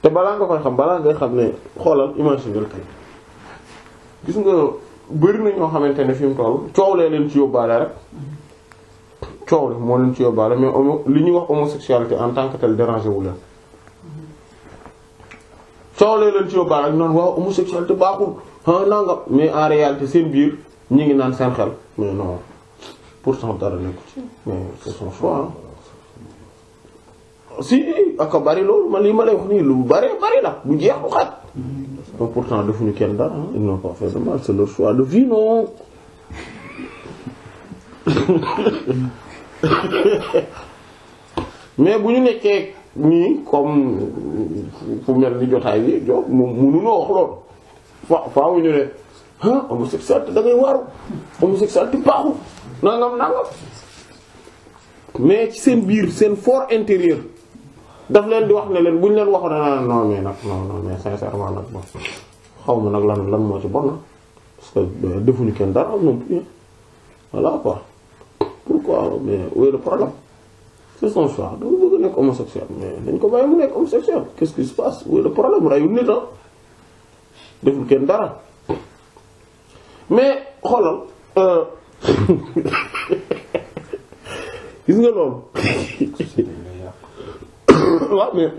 te balaa nga koy xam balaa nga xam ne xoolal imaginer tey gis nga bëri na ñoo xamante ne fi mu toll coow lee leen ci yóbbaale rek coow la moo leen ci yóbbaale mais li ñuy wax homosexualité en tant que tel wu leen. soxla leen ci yóbbaale ak naan waaw homosexualité baaxul ah nangam mais en réalité une bière, ñi ngi nan seen xel mais non pourtant dara nekk ci mais c'est son choix hein. si ak bari loolu man li ma lay wax nii lu bari bari la bu jeex bu xat donc pourtant defuñu kenn dara hein. ils n'ont pas fait de mal c'est leur choix de vie non mais buñu ñu nii comme fu mel ni jotaay bi jo mu mununoo wax loolu fa faaw ñu ne ah homosexualité da ngay waaru homosexualité baaxul nangam nangam mais ci seen biir seen fort intérieur daf leen di wax ne leen bu ñu leen waxoon na ah, non mais nag mais sincèrement nag bon xaw ma nag lan lan moo ci bon na parce que euh, defuñu kenn dara am na pourquoi mais où est problème ce son choix dafa bëgg nekk homosexuel mais dañ ko baye mu nek homosexuel qu'est-ce qui se passe où est le problème rayul nit ah deful ken dara mais euh gis nga lool waaw mais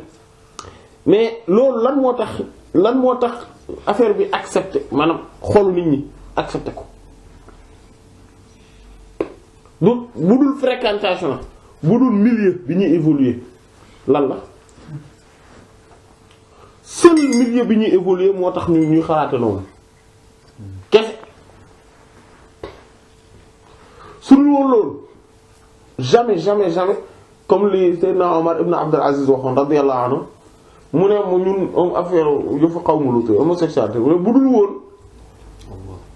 mais lool lan motax lan motax affaire bi accepter manam xolu nit ñi accepté ko du bu fréquentation bu dul milieu bi ñuy évoluer lan la seul milieu bi ñuy évoluer moo tax ñu ñuy xalaate loolu kese suñu woon loolu jamais jamais jamais comme li Seydina Omar ibn Abdul Aziz waxoon radiyallahu anhu mu ne mu ñun am affaire yëfu xaw ma luutu homosexualité mu ne bu dul woon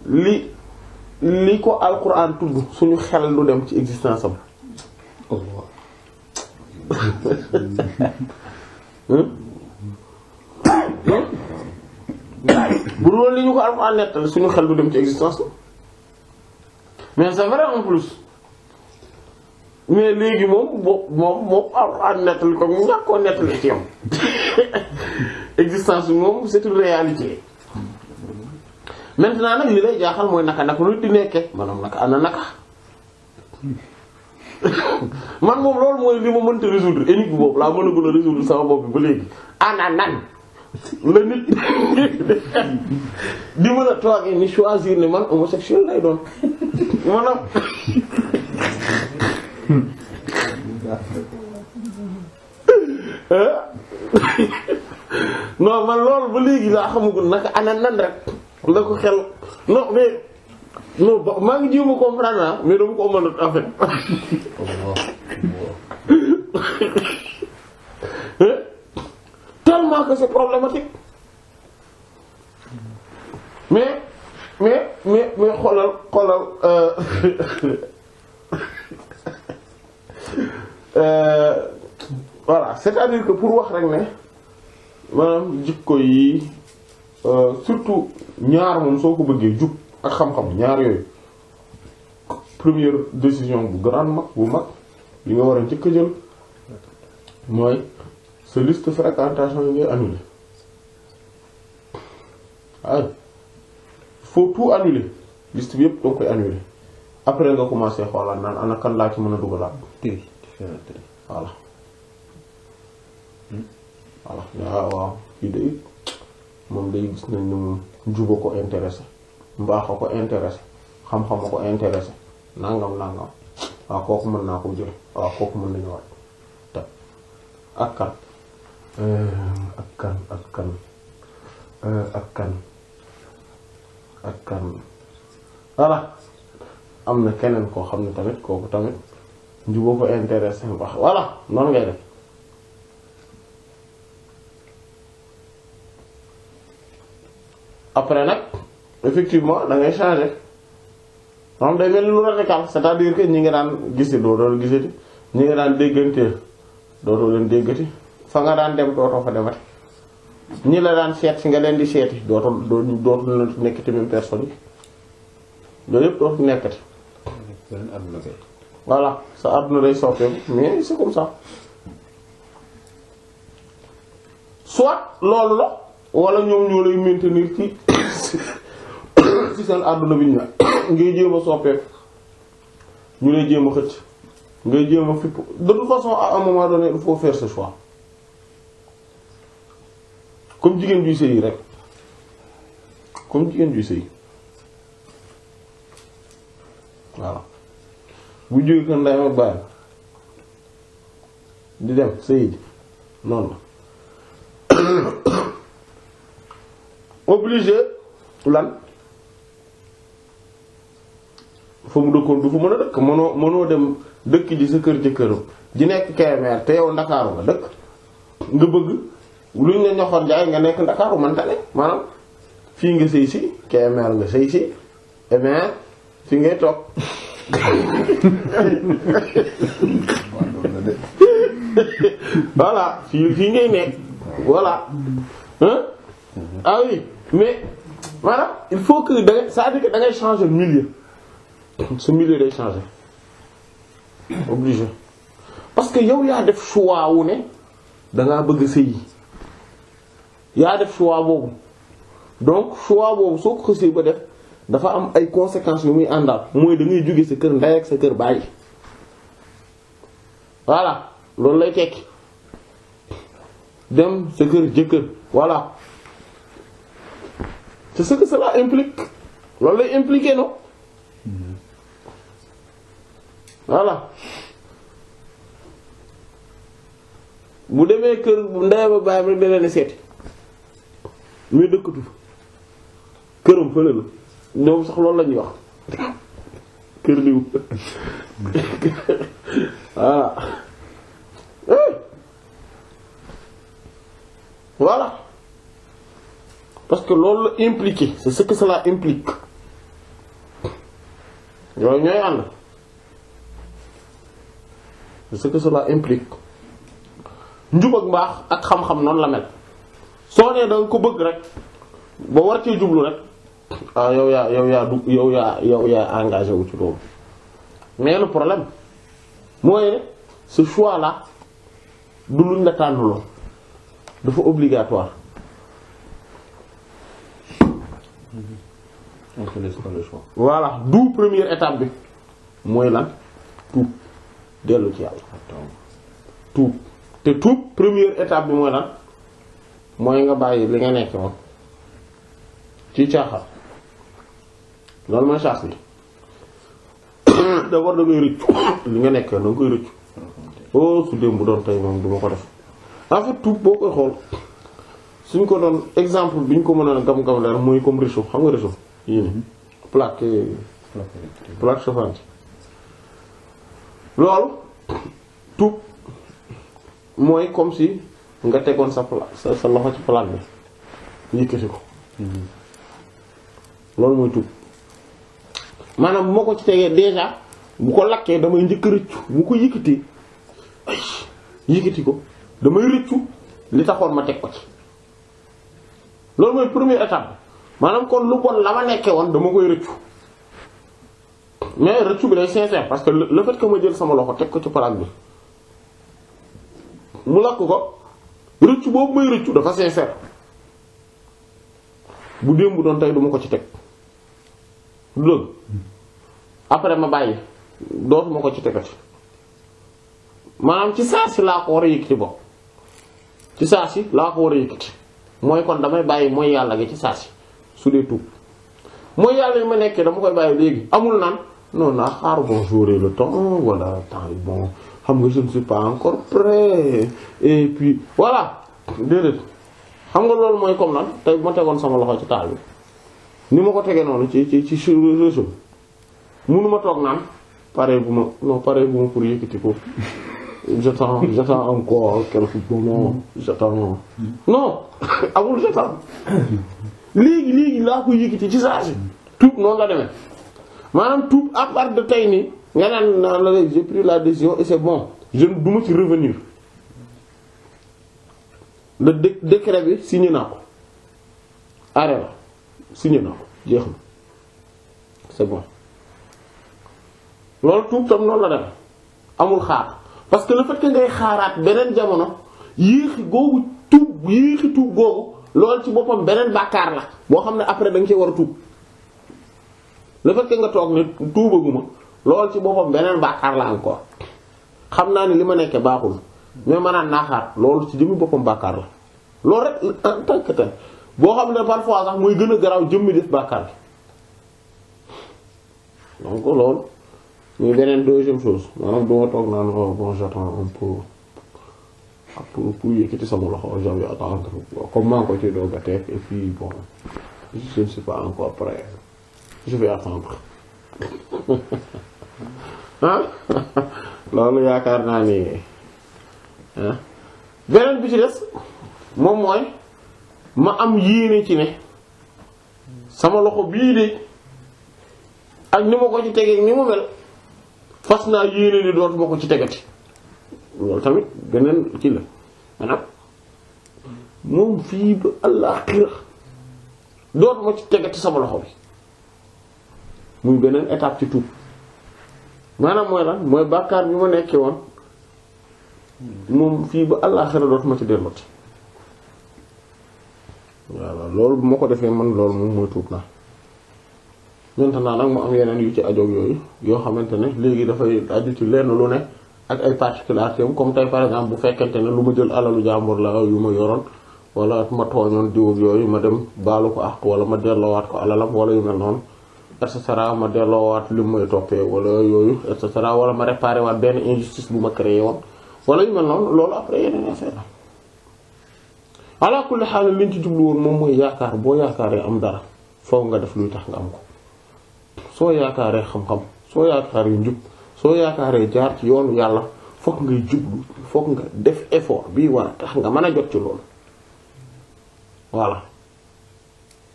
li li ko alquran tudd suñu xel lu dem ci existence am bu loolu li ñu ko Alxuraan nettal suñu xel du dem ci existence mais c'est vrai en plus mais léegi moom moom moom Alxuraan nettali ko mu ñàkk koo nettali ci yow existence moom c'est une réalité maintenant nag li lay jaaxal mooy naka naka lu di nekkee maanaam naka ana naka man moom loolu mooy li ma mënta résoudre énigme boobu laa mën a gën a résoudre sama bopp bi ba léegi ana la nit di mën a toogee ni choisir ne man homosexuel lay doon maanaam eh? non loolu ba léegi laa xamagul naka ana nan rek la ko xel non mais non ba maa ngi jéem a comprendre ah mais dama ko mënat en fait. Eh? tellement que c'est problématique mais mais mais mais xoolal xoolal euh, euh, voilà cest à pour wax rek ne maanaam jikko yi euh, surtout ñaar moom soo ko bëggee jub. ak xam-xam ñaar yooyu première décision bu grande mag bu mag li nga war a njëkk a jël mooy sa liste fréquentation yi ngay annuler waaw faut tout annuler bi yëpp danga koy annuler après nga commencé xoolaat naan ana laa ci mën a dugalaat tri voilà voilà ah, waaw waaw kii day moom day gis nañ ne moom juba ko intéressé mbaax a ko intéressé xam-xam ko intéressé nangam nangam waaw kooku mën naa ko jël waaw kooku mën nañu waat te kan? euh, ak kan ak kan euh, ak kan ak kan ak am na keneen ko xam ne tamit kooku tamit ko intéressé wax voilà noonu ngay def après nag effectivement da ngay changer maanaam day mel lu radical c'est-à-dire ñi nga daan gisi doo doon gisati ñi nga daan dégganteel dootoo leen déggati fa nga daan dem dootoo fa demati ñi la daan seet si nga leen di seeti dootul dootul la nekk même personne yi loolu yëpp dootul nekkati. voilà sa àdduna day soppeeku mais c'est comme ça soit loolu la wala ñoom ñoo lay maintenir ci. ci seen àdduna bi ñu ngay jéem a soppeeku ñu lay jéem a xëcc ngay jéem fipp de toute façon à un moment donné il faut faire ce choix comme jigéen juy sëy rek comme jigéen juy sëy voilà ak bàyyam di dem sëy ji noonu la obligé lan fa mu dëkkoon du fa mën a dëkk mënoo mënoo dem dëkk ji sa kër jëkkëram ji nekk Kébémer te yow ndakaaru nga dëkk nga bëgg luñ ne ñoxoor jaay nga nekk ndakaaru manta ne maanaam fii nga sëy si Kébémer nga sëy si mais eh fi ngay toog voilà fii fii ngay nekk voilà ah oui mais maanaam il faut que da ngay cest à changer milieu c'est milieu de changer obligé parce que yow ya des choix dans la nga bëgg y ya def choix donc choix bob so ko ba def dafa am ay conséquences ni muy moy da ngay ce sa kër ak voilà dem voilà c'est ce que cela implique impliquer non voilà bu demee kër ndeyam a bàyyam rek dana ne seeti muy dëkkatu keurum fële la ñoom sax loolu lañuy wax keur diw voilà voilà parce que loolu impliqué c'est ce que cela implique yooyu ñooy and ce que cela implique njub ak mbaax ak xam-xam noonu la mel soo nee danga ko bëgg rek ba war cee jublu rek ah yow yaa yow yaa du yow yaa yow yaa engagé wu ci loolu mais le problème mooy ce choix là du luñ la tànnuloo dafa obligatoire. on ne connaît pas le choix. voilà d'où première étape bi mooy lan tuub. dellu ci yàlla tuub te tuub première étape bi mooy lan mooy nga bàyyi li nga nekk moom ci caaxaan loolu mooy saas bi d'abord da ngay rëccu li nga nekk da koy rëccu oh su démb doon tey moom duma ko def en fait tuub boo koy xool suñ ko doon exemple bi ñu ko mënoon gam gam leer mooy comme réchaud xam nga réchaud yii nii plaque euh, plaque loolu tuub mooy comme si nga tegoon sa pla sa loxo ci palaat bi yëkkati ko mm-hmm. loolu mooy tuub maanaam bu ma ko ci tegee déjà bu ko lakkee damay njëkk rëccu bu ko yëkkatee ay ko damay rëccu li taxoon ma teg ko ci loolu mooy première étape maanaam kon lu bon la ma nekkee woon dama koy rëccu mais rëccu bi day sincère parce que le fait que ma jël sama loxo teg ko ci palaat bi mu lakk ko rëccu boobu may rëccu dafa sincère bu démb doon tey duma ko ci teg du dëgg après ma bàyyi dootuma ko ci tegati maanaam ci saa si laa ko war a yëkkati bopp ci saa si laa ko war a yëkkati mooy kon damay bàyyi mooy yàlla gi ci saa si su dee tuub mooy yàlla yi ma nekkee dama koy bàyyi léegi amul naan non naa xaar bon j'aurai le temps voilà temps bon xam ah, nga je ne suis pas encore prêt et puis voilà déedéet xam nga loolu moy comme lan tay bu ma tegoon sama loxo ci taal ni mako ko tegee ci ci ci ci réseau mënuma toog naan pare buma non pare buma pour yekiti ko j'attends j'attends encore quelques moments j'attends non amul j'attends léegi léegi la ko yekiti ci saa tout non la demee manam tout à part de tey nii nga naan la j'ai pris la décision et c'est bon je du ma ci revenir le décret bi signé nako ko arrêt la signé nako ko c'est bon lol tout tam non la dem amul xaar parce que le fait que ngay xaaraat benen jamono yéexi gogou tout yéexi tout gogou lol ci bopam benen bakar la bo xam après da nga cee war a le fait nga toog ne tuubaguma loolu ci boppam beneen bàkkaar la encore xam naa ni li ma nekke baaxul mais ma naaxaat naa loolu ci jëmmi boppam bàkkaar la loolu rek en tant que boo xam ne parfois sax mooy gën a garaaw jëmmi def bàkkaar bi donc loolu muy beneen deuxième chose maanaam du ma toog naa oh bon j'attends un peu ah, pour pour sama loxo j'avais comme maa ko ci doog a et puis bon je ne suis pas encore prêt je vais attendre loolu yaakaar naa ni ah beneen bi ci des moom mooy ma am yéene ci ne sama loxo bii de ak ni ma ko ci tegee ni mu mel fas naa yéene ni dootuma ko ci tegati loolu tamit beneen ci la moom fii ba àllaaxira dootuma ci tegati sama loxo bi. muy beneen étape ci tuub maanaam mooy lan mooy bàkkaar bi ma nekkee woon moom fii ba àllaaxira dootuma ci dellooti waaw loolu bu ma ko defee man loolu moom mooy tuub naa maintenant nag mu am yeneen yu ci ajoog yooyu yoo xamante ne léegi dafay aju ci lenn lu ne ak ay particularités comme tey par exemple bu fekkente ne lu ma jël alalu jàmbur la yu ma yoroon wala ma tooñoon diw yooyu ma dem baalu ko ak wala ma der delloowaat ko alalam wala yu mel noonu et cetera ma delloowaat li muy toppee wala yooyu et cetera wala ma réparé waat benn injustice bu ma créé woon wala yu mel noonu loolu après yeneen affaire la ala kulli xaal mooy yaakaar boo yaakaaree am dara foog nga def luy tax nga am ko soo yaakaaree xam-xam soo yaakaaree njub soo yaakaaree jaar ci yoonu yàlla foog ngay jublu foog nga def effort bii war a tax nga mën a jot ci loolu voilà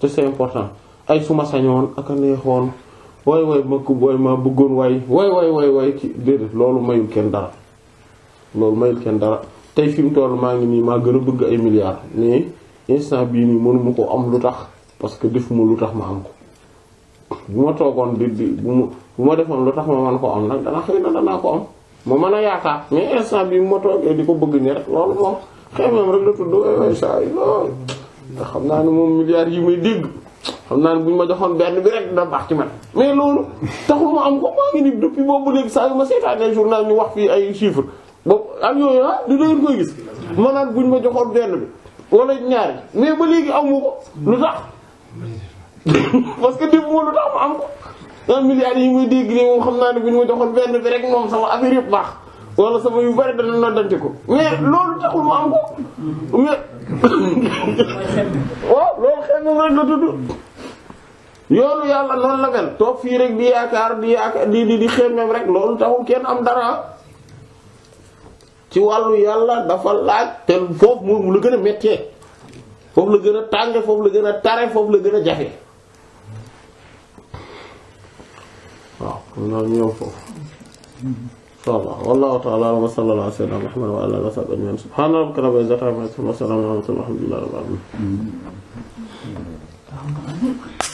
te c'est important ay fuma sañoon ak a neexoon way waay ma ko boy ma bëggoon way way way way way ki déedéet loolu mayul kenn dara loolu mayul kenn dara tay fim toll ngi ni ma gëna bëgg ay milliards ni instant bi ni mënu ma ko am lutax parce que defuma lutax ma am ko buma togon toogoon di di bu ma bu ma man ko am nak dana xëy dana ko am ma meuna yaaka yaakaar mais instant bi mo toge diko bëgg ni rek loolu mo xëy na rek la tuddu waay waay saa yi lool. ndax xam naa ne milliards yi may dégg. xam naa ne bu ma joxoon benn bi rek dina baax ci man mais loolu taxul ma am ko maa ngi ni depuis boobu léegi saa yu ma seetaanee journal ñu wax fii ay chiffres boobu ak yooyu ah du doon gis ma naan ma joxoon benn wala ñaari mais ba léegi amu ko que démb lu tax ma am ko. un milliard yi xam naa ne bu ñu ma joxoon benn bi sama affaire baax wala sama yu bari dana noddante ko mais loolu taxul ma am ko mais loolu xëy na rek la yoonu yàlla noonu la mel toog fii rek di yaakaar di yaakaar di di di xemmem rek loolu taxul kenn am dara ci wàllu yàlla dafa laaj te foofu mu la gën a méttee foofu la gën a tàng foofu la gën a tare foofu la gën a jafe waaw noonu ñëw foofu inshallah wallahu ta'ala wa sallallahu ala sayyidina muhammad wa ala alihi wa sahbihi ajma'in subhana rabbika rabbil izzati amma yasifun wa salamun ala al mursalin walhamdulillahi rabbil alamin